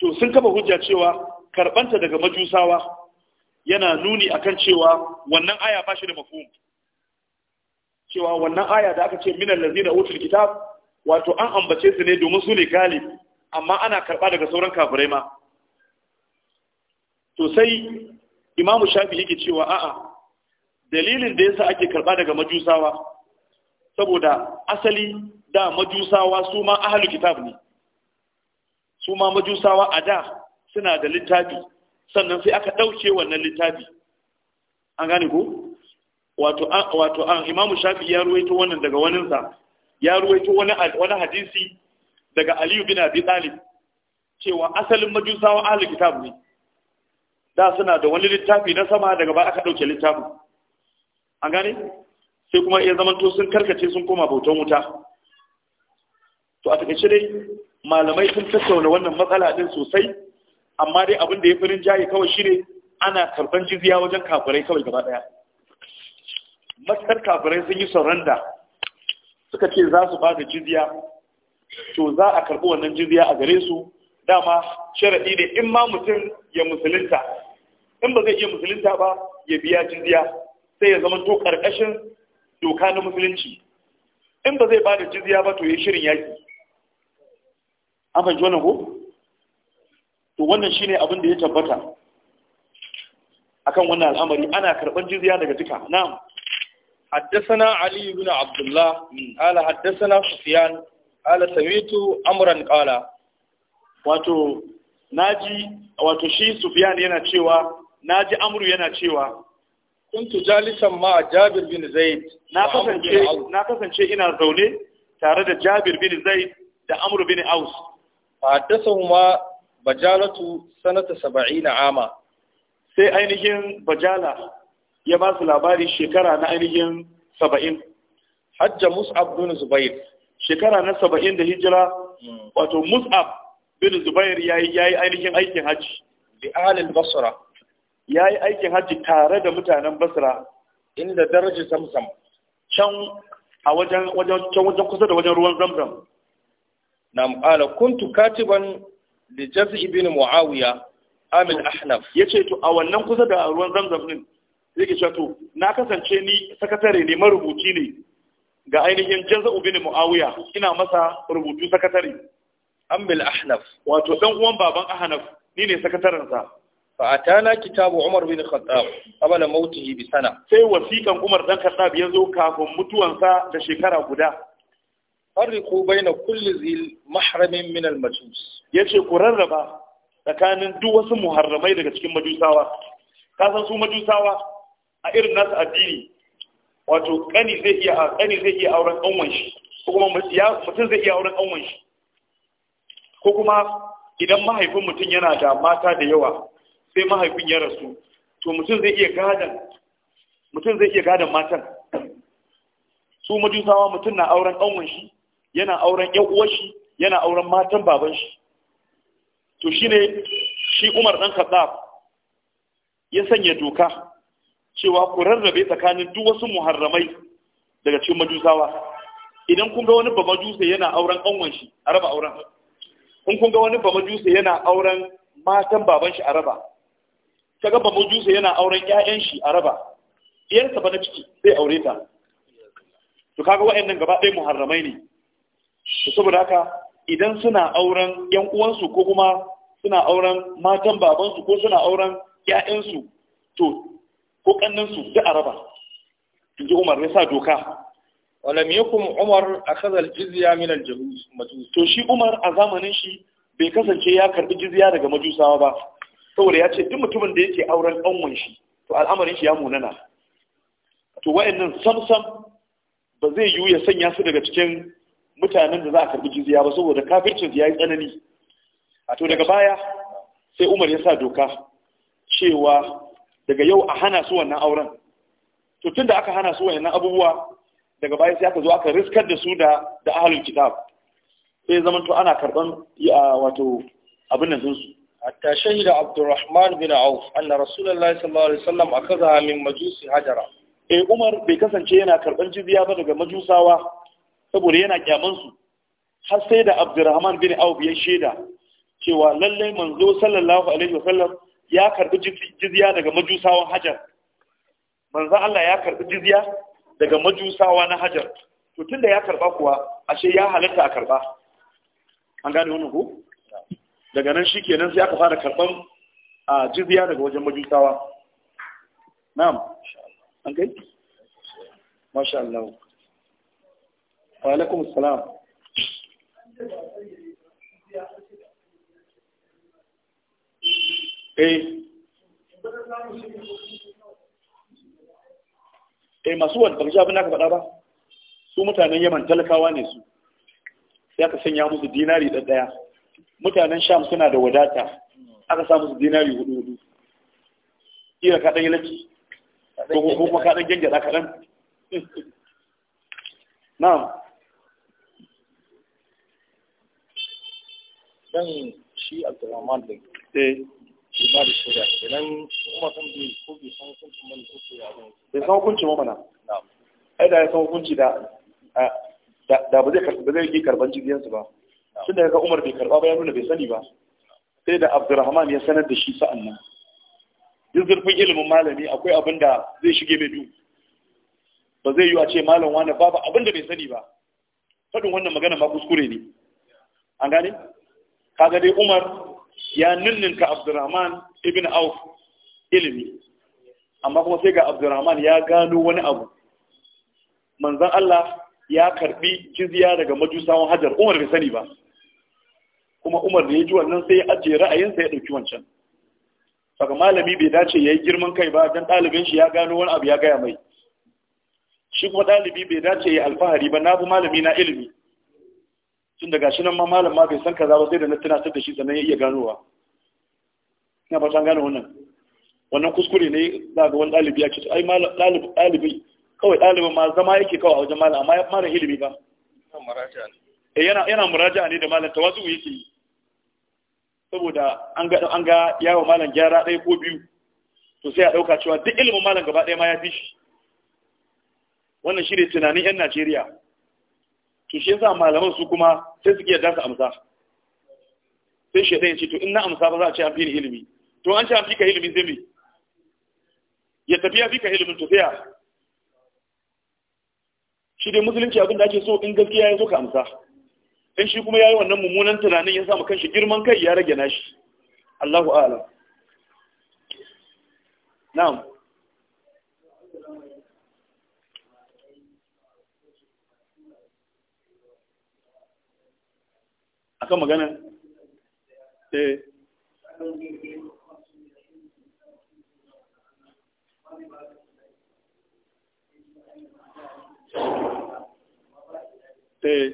to sun kafa hujja cewa karɓanta daga majusawa yana nuni akan cewa wannan aya ba shi da mafhum cewa wannan aya da aka ce minan lazina utul kitab wato an ambace su ne domin su ne galib amma ana karɓa daga sauran kafirai ma to sai imamu shafi yake cewa a'a dalilin da yasa ake karba daga majusawa saboda asali da majusawa su ma ahalu kitab ne su ma majusawa a da suna da littafi sannan sai aka ɗauke wannan littafi an gane ko wato an imamu shafi ya ruwaito wannan daga waninsa ya ruwaito wani hadisi daga aliyu bin abi talib cewa asalin majusawa ahalu kitab ne da suna da wani littafi na sama daga ba aka ɗauke littafin an gane sai kuma iya zamanto sun karkace sun koma bautan wuta to a takaice dai malamai sun tattauna wannan matsala din sosai amma dai abin da ya fi rinjaye kawai shine ana karban jiziya wajen kafirai kawai gaba daya matsar kafirai sun yi sauranda suka ce za su da jiziya, to za a karɓi wannan jiziya a gare su dama sharaɗi ne in ma mutum ya musulunta in ba zai iya musulunta ba ya biya jizya sai ya zama to ƙarƙashin doka na musulunci in ba zai ba da jizya ba to ya shirin yaƙi an fahimci wannan ko to wannan shine abin da ya tabbata akan wannan al'amari ana karɓar jizya daga duka na'am حدثنا علي بن عبد الله قال حدثنا سفيان قال سمعت امرا قال wato naji wato shi Sufyan yana cewa naji Amru yana cewa kuntu jalisan ma Jabir bin Zaid na kasance na kasance ina zaune tare da Jabir bin Zaid da Amru bin Aus hadathahuma bajalatu sanata 70 ama sai ainihin bajala ya ba su labari shekara na ainihin 70 hajja Mus'ab bin Zubair shekara na 70 da hijira hmm. wato Mus'ab bin Zubair yayi yayi ainihin aikin hajji bi alil Basra yayi aikin hajji tare da mutanen Basra inda darajar Zamzam can a wajen wajen can wajen kusa da wajen ruwan Zamzam Na mu'ala kuntu katiban li Jaz' ibn Muawiya Amil Ahnaf yace to a wannan kusa da ruwan Zamzam din yake ke to na kasance ni sakatare ne marubuci ne ga ainihin Jaz' ibn Muawiya ina masa rubutu sakatare ambil ahnaf wato ɗan uwan baban ahnaf ni ne sakataren sa fa atana kitabu umar bin khattab abala mautihi bi sana sai wasikan umar dan khattab zo kafin mutuwansa da shekara guda bai baina kulli zil mahramin min al majus ce ku rarraba tsakanin duk wasu muharramai daga cikin majusawa ka san su majusawa a irin nasu addini wato kani zai iya kani zai iya auren ko kuma mutum zai iya auren kanwan shi ko kuma idan mahaifin mutum yana da mata da yawa sai mahaifin ya rasu to mutum zai iya gadon mutum zai iya matan su majusawa mutum na auren ɗanwan shi yana auren ƴan shi yana auren matan baban shi to shine shi Umar ɗan Khattab ya sanya doka cewa ku rarrabe tsakanin duk wasu muharramai daga cikin majusawa idan kun ga wani babban jusa yana auren ƙanwan shi a raba auren in kun ga wani bamajuse yana auren matan baban shi a raba kaga bamajuse yana auren ƴaƴan shi a raba diyarsa ba na ciki zai aure ta to kaga waɗannan gaba ɗaya muharramai ne to saboda haka idan suna auren ƴan uwansu ko kuma suna auren matan babansu ko suna auren ƴaƴansu to ko su da araba in ji Umar ya sa doka walam yakum umar akhadha al min al-jahus to shi umar a zamanin shi bai kasance ya karbi jizya daga majusawa ba saboda ya ce duk mutumin da yake auren kanwan shi to al'amarin shi ya munana to wa'annan samsam ba zai yiwu ya sanya su daga cikin mutanen da za a karbi jizya ba saboda kafircin ya yi tsanani a to daga baya sai umar ya sa doka cewa daga yau a hana su wannan auren to tun da aka hana su wannan abubuwa daga baya sai aka zo aka riskar da su da da ahlul kitab sai zama to ana karban wato abin nan sun su hatta shahida abdurrahman bin auf anna rasulullahi sallallahu alaihi wasallam akaza min majusi hajara eh umar bai kasance yana karban jiziya ba daga majusawa saboda yana kyaman su har sai da abdurrahman bin auf ya shaida cewa lalle manzo sallallahu alaihi wasallam ya karbi jizya daga majusawan hajar manzo Allah ya karbi jizya daga majusawa na hajar to tunda ya karba kuwa ashe ya halatta a karba an gane wannan ko daga nan shikenan sai aka fara karban a jizya daga wajen majusawa na'am an kai masha Allah wa alaikum assalam eh eh masu wani baka ji abin da ka faɗa ba su mutanen yaman talakawa ne su sai aka sanya musu dinari ɗaya mutanen sham suna da wadata aka sa musu dinari hudu hudu ira ka ɗan ko kuma ka ɗan gyangyaɗa kaɗan na'am dan shi abdulrahman din eh ba da shirya idan kuma kan bai ko bai san hukuncin mana ko ya yawon bai san hukuncin ba mana ai da ya san hukunci da da ba zai karɓi zai yi karɓar jibiyansu ba tun da ya ga umar bai karɓa ba ya nuna bai sani ba sai da abdurrahman ya sanar da shi sa'an nan duk zurfin ilimin malami akwai abin da zai shige mai du. ba zai yi a ce malam wani babu abin da bai sani ba faɗin wannan magana ma kuskure ne an gane kaga dai umar ya ninninka abdurrahman ibn auf ilimi amma kuma sai ga abdurrahman ya gano wani abu manzan Allah ya karbi jizya daga majusawan hajar umar bai sani ba kuma umar da ya ji wannan sai ya ajiye ra'ayinsa ya ɗauki wancan saka malami bai dace ya yi girman kai ba don ɗalibin shi ya gano wani abu ya gaya mai shi kuma ɗalibi bai dace ya alfahari ba na fi malami na ilimi tun daga shi nan ma malam ma bai san kaza ba sai da na tunatar da shi sannan ya iya ganowa ina ba san gane wannan wannan kuskure ne za ga wani ɗalibi ya ce ai ɗalibi kawai ɗalibin ma zama yake kawai a wajen malam amma ya mara ilimi ba eh, yana yana muraja'a ne da malam tawazu yake yi saboda an ga an ga yawo malam gyara ɗaya ko biyu to sai a ɗauka cewa duk ilimin malam gaba ɗaya ma ya fi shi wannan shi ne tunanin 'yan najeriya to shi yasa malaman su kuma sai suke da su amsa sai shi ya ce to in na amsa ba za a ce an fi ni ilimi to an ce an fi ka ilimi sai me ya tafi ya fi ka ilimin to sai shi dai musulunci abin da ake so in gaskiya ya zo ka amsa in shi kuma ya yi wannan mummunan tunanin ya samu kanshi girman kai ya rage nashi Allahu a'lam na'am akan magana eh eh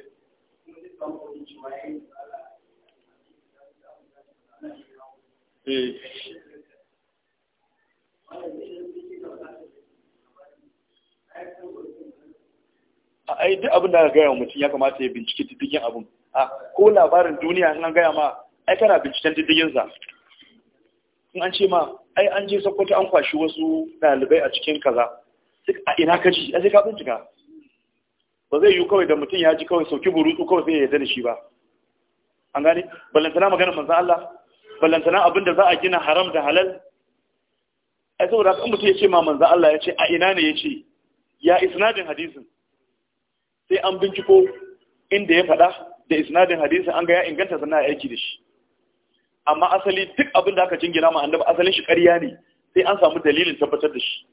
a eh. ai duk abin da aka gaya mutum ya kamata ya binciki diddigin abin A ko labarin duniya in an gaya ma ai kana binciken diddigin sa in an ce ma ai an je sokoto an kwashi wasu ɗalibai a cikin kaza a ina ka ji sai ka bincika ba zai yi kawai da mutum ya ji kawai sauki burutu kawai sai ya yarda da shi ba an gane ballantana maganar manzan Allah ballantana abin da za a gina haram da halal ai saboda kan mutum ya ce ma manzan Allah ya ce a ina ne ya ce ya isnadin hadisin sai an binciko inda ya faɗa da isnadin hadisi an ga ya inganta a aiki da shi amma asali duk abin da aka jingina ma annabi asalin shi ƙarya ne sai an samu dalilin tabbatar da shi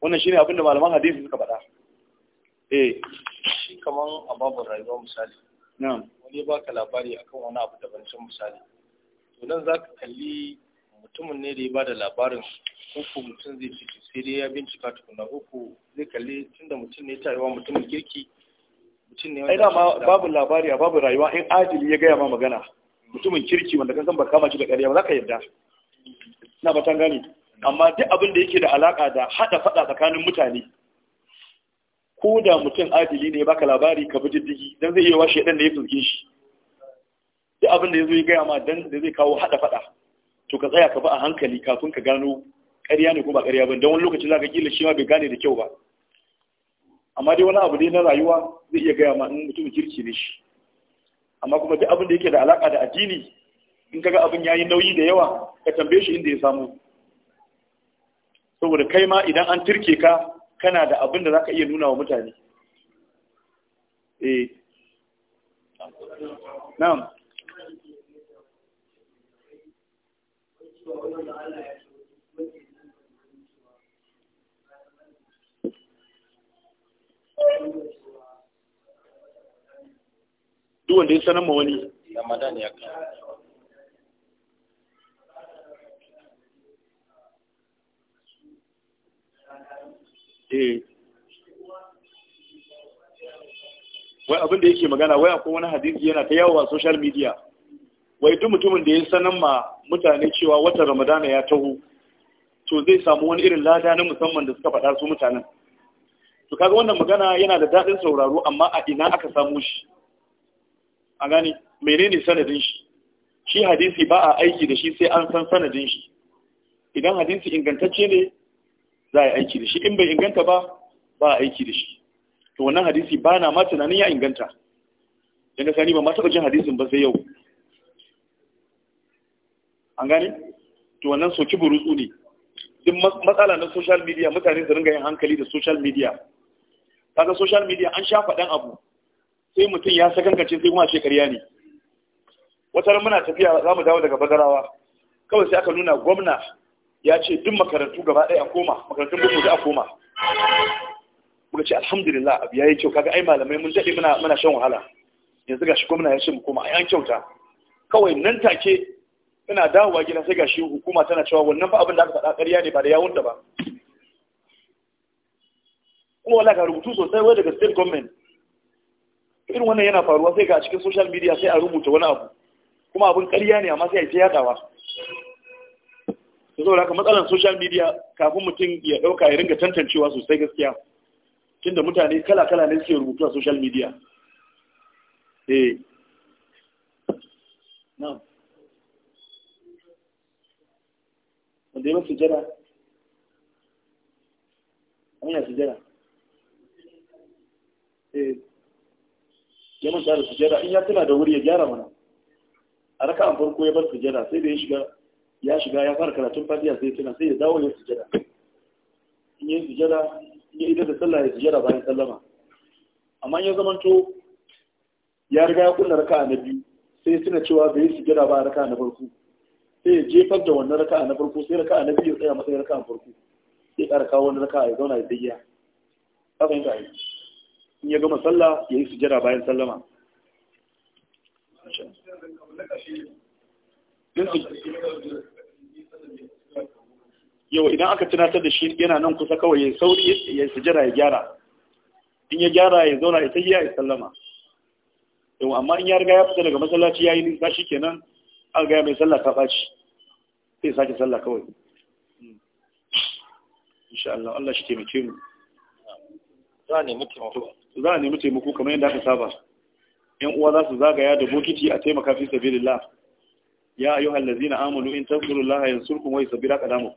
wannan shine abin da malaman hadisi suka faɗa eh shi kaman ababun rayuwa misali na'am wani ba ka labari akan wani abu da bancin misali to nan zaka kalli mutumin ne da ya bada labarin uku mutum zai ciki sai dai ya bincika tukuna uku zai kalli tunda mutum ne wa mutumin kirki mutum ne babu labari a babu rayuwa in adili ya gaya ma magana mutumin kirki wanda kan san ba kama shi da ƙarya ba za ka yarda ina ba tan gane amma duk abin da yake da alaka da hada fada tsakanin mutane ko da mutum adili ne baka labari ka bi diddigi dan zai iya washe dan da ya tsinke shi duk abin da yazo ya gaya ma dan da zai kawo hada fada to ka tsaya ka bi a hankali kafin ka gano ƙarya ne ko ba ƙarya ba dan wani lokaci za ka kila shi ma bai gane da kyau ba amma dai wani abu ne na rayuwa zai iya gaya ma in mutum kirki ne shi amma kuma duk abin da yake da alaka da addini in kaga abin ya yi nauyi da yawa ka tambaye shi inda ya samu saboda kai ma idan an turke ka kana da abin da zaka iya nuna wa mutane eh na'am duk wanda ya sanar ma wani ramadan ya kai eh wai abin da yake magana wai akwai wani hadisi yana ta yawo a social media wai duk mutumin da ya sanar ma mutane cewa watan ramadana ya taho to zai samu wani irin lada na musamman da suka faɗa su mutanen to kaga wannan magana yana da daɗin sauraro amma a ina aka samu shi a gani, menene sanadin shi shi hadisi ba a aiki da shi sai an san sanadin shi idan hadisi ingantacce ne za a yi aiki da shi in bai inganta ba ba a aiki da shi to wannan hadisi ba na ma tunanin ya inganta dan Sani ba ma taɓa jin hadisin ba sai yau an gani. to wannan soki burutsu ne duk matsala na social media mutane su ringa yin hankali da social media kaga social media an shafa dan abu sai mutum ya sakankace sai kuma shekariya ne wata muna tafiya za mu dawo daga bazarawa kawai sai aka nuna gwamna ya ce duk makarantu gaba ɗaya a koma makarantun boko da a koma muka ce alhamdulillah abu ya yi kyau kaga ai malamai mun daɗe muna muna shan wahala yanzu gashi gwamna ya ce mu koma ai an kyauta kawai nan take ina dawowa gida sai gashi hukuma tana cewa wannan fa abin da aka faɗa ƙarya ne ba da yawun da ba kuma wala ga rubutu sosai wai daga state government irin wannan yana faruwa sai ga cikin social media sai a rubuta wani abu kuma abin ƙarya ne amma sai a yi yadawa saboda haka matsalar social media kafin mutum ya ɗauka ya ringa tantancewa sosai gaskiya tunda mutane kala-kala ne suke rubutu a social media eh na wanda yi masu jira an yi jara. Eh. ya manta da sujada in ya tuna da wuri ya gyara mana a raka an farko ya bar sujada sai da ya shiga ya shiga ya fara karatun fatiha sai tuna sai ya dawo ya sujada in ya sujada in ya yi da sallah ya sujada bayan sallama amma ya zamanto ya riga ya kunna raka na biyu sai ya tuna cewa bai sujada ba raka na farko sai ya jefar da wannan raka na farko sai raka na biyu ya tsaya matsayin raka na farko sai ya ƙara kawo wani raka ya zauna ya dagiya haka yin ka yi in ya gama sallah ya yi sujada bayan sallama yau idan aka tunatar da shi yana nan kusa kawai ya sauri ya yi sujada ya gyara in ya gyara ya zauna ya tahiya ya sallama yau amma in ya riga ya fita daga masallaci ya yi nisa shi kenan an gaya mai sallah ta ɓaci sai sake sallah kawai hmm. insha Allah Allah shi taimake mu za a nemi taimako su za a nemi taimako kamar yadda aka saba yan uwa za su zagaya da bokiti a taimaka fi sabilillah ya ayyuhal ladzina amanu in tansurullaha yansurkum wa yusabbir aqdamakum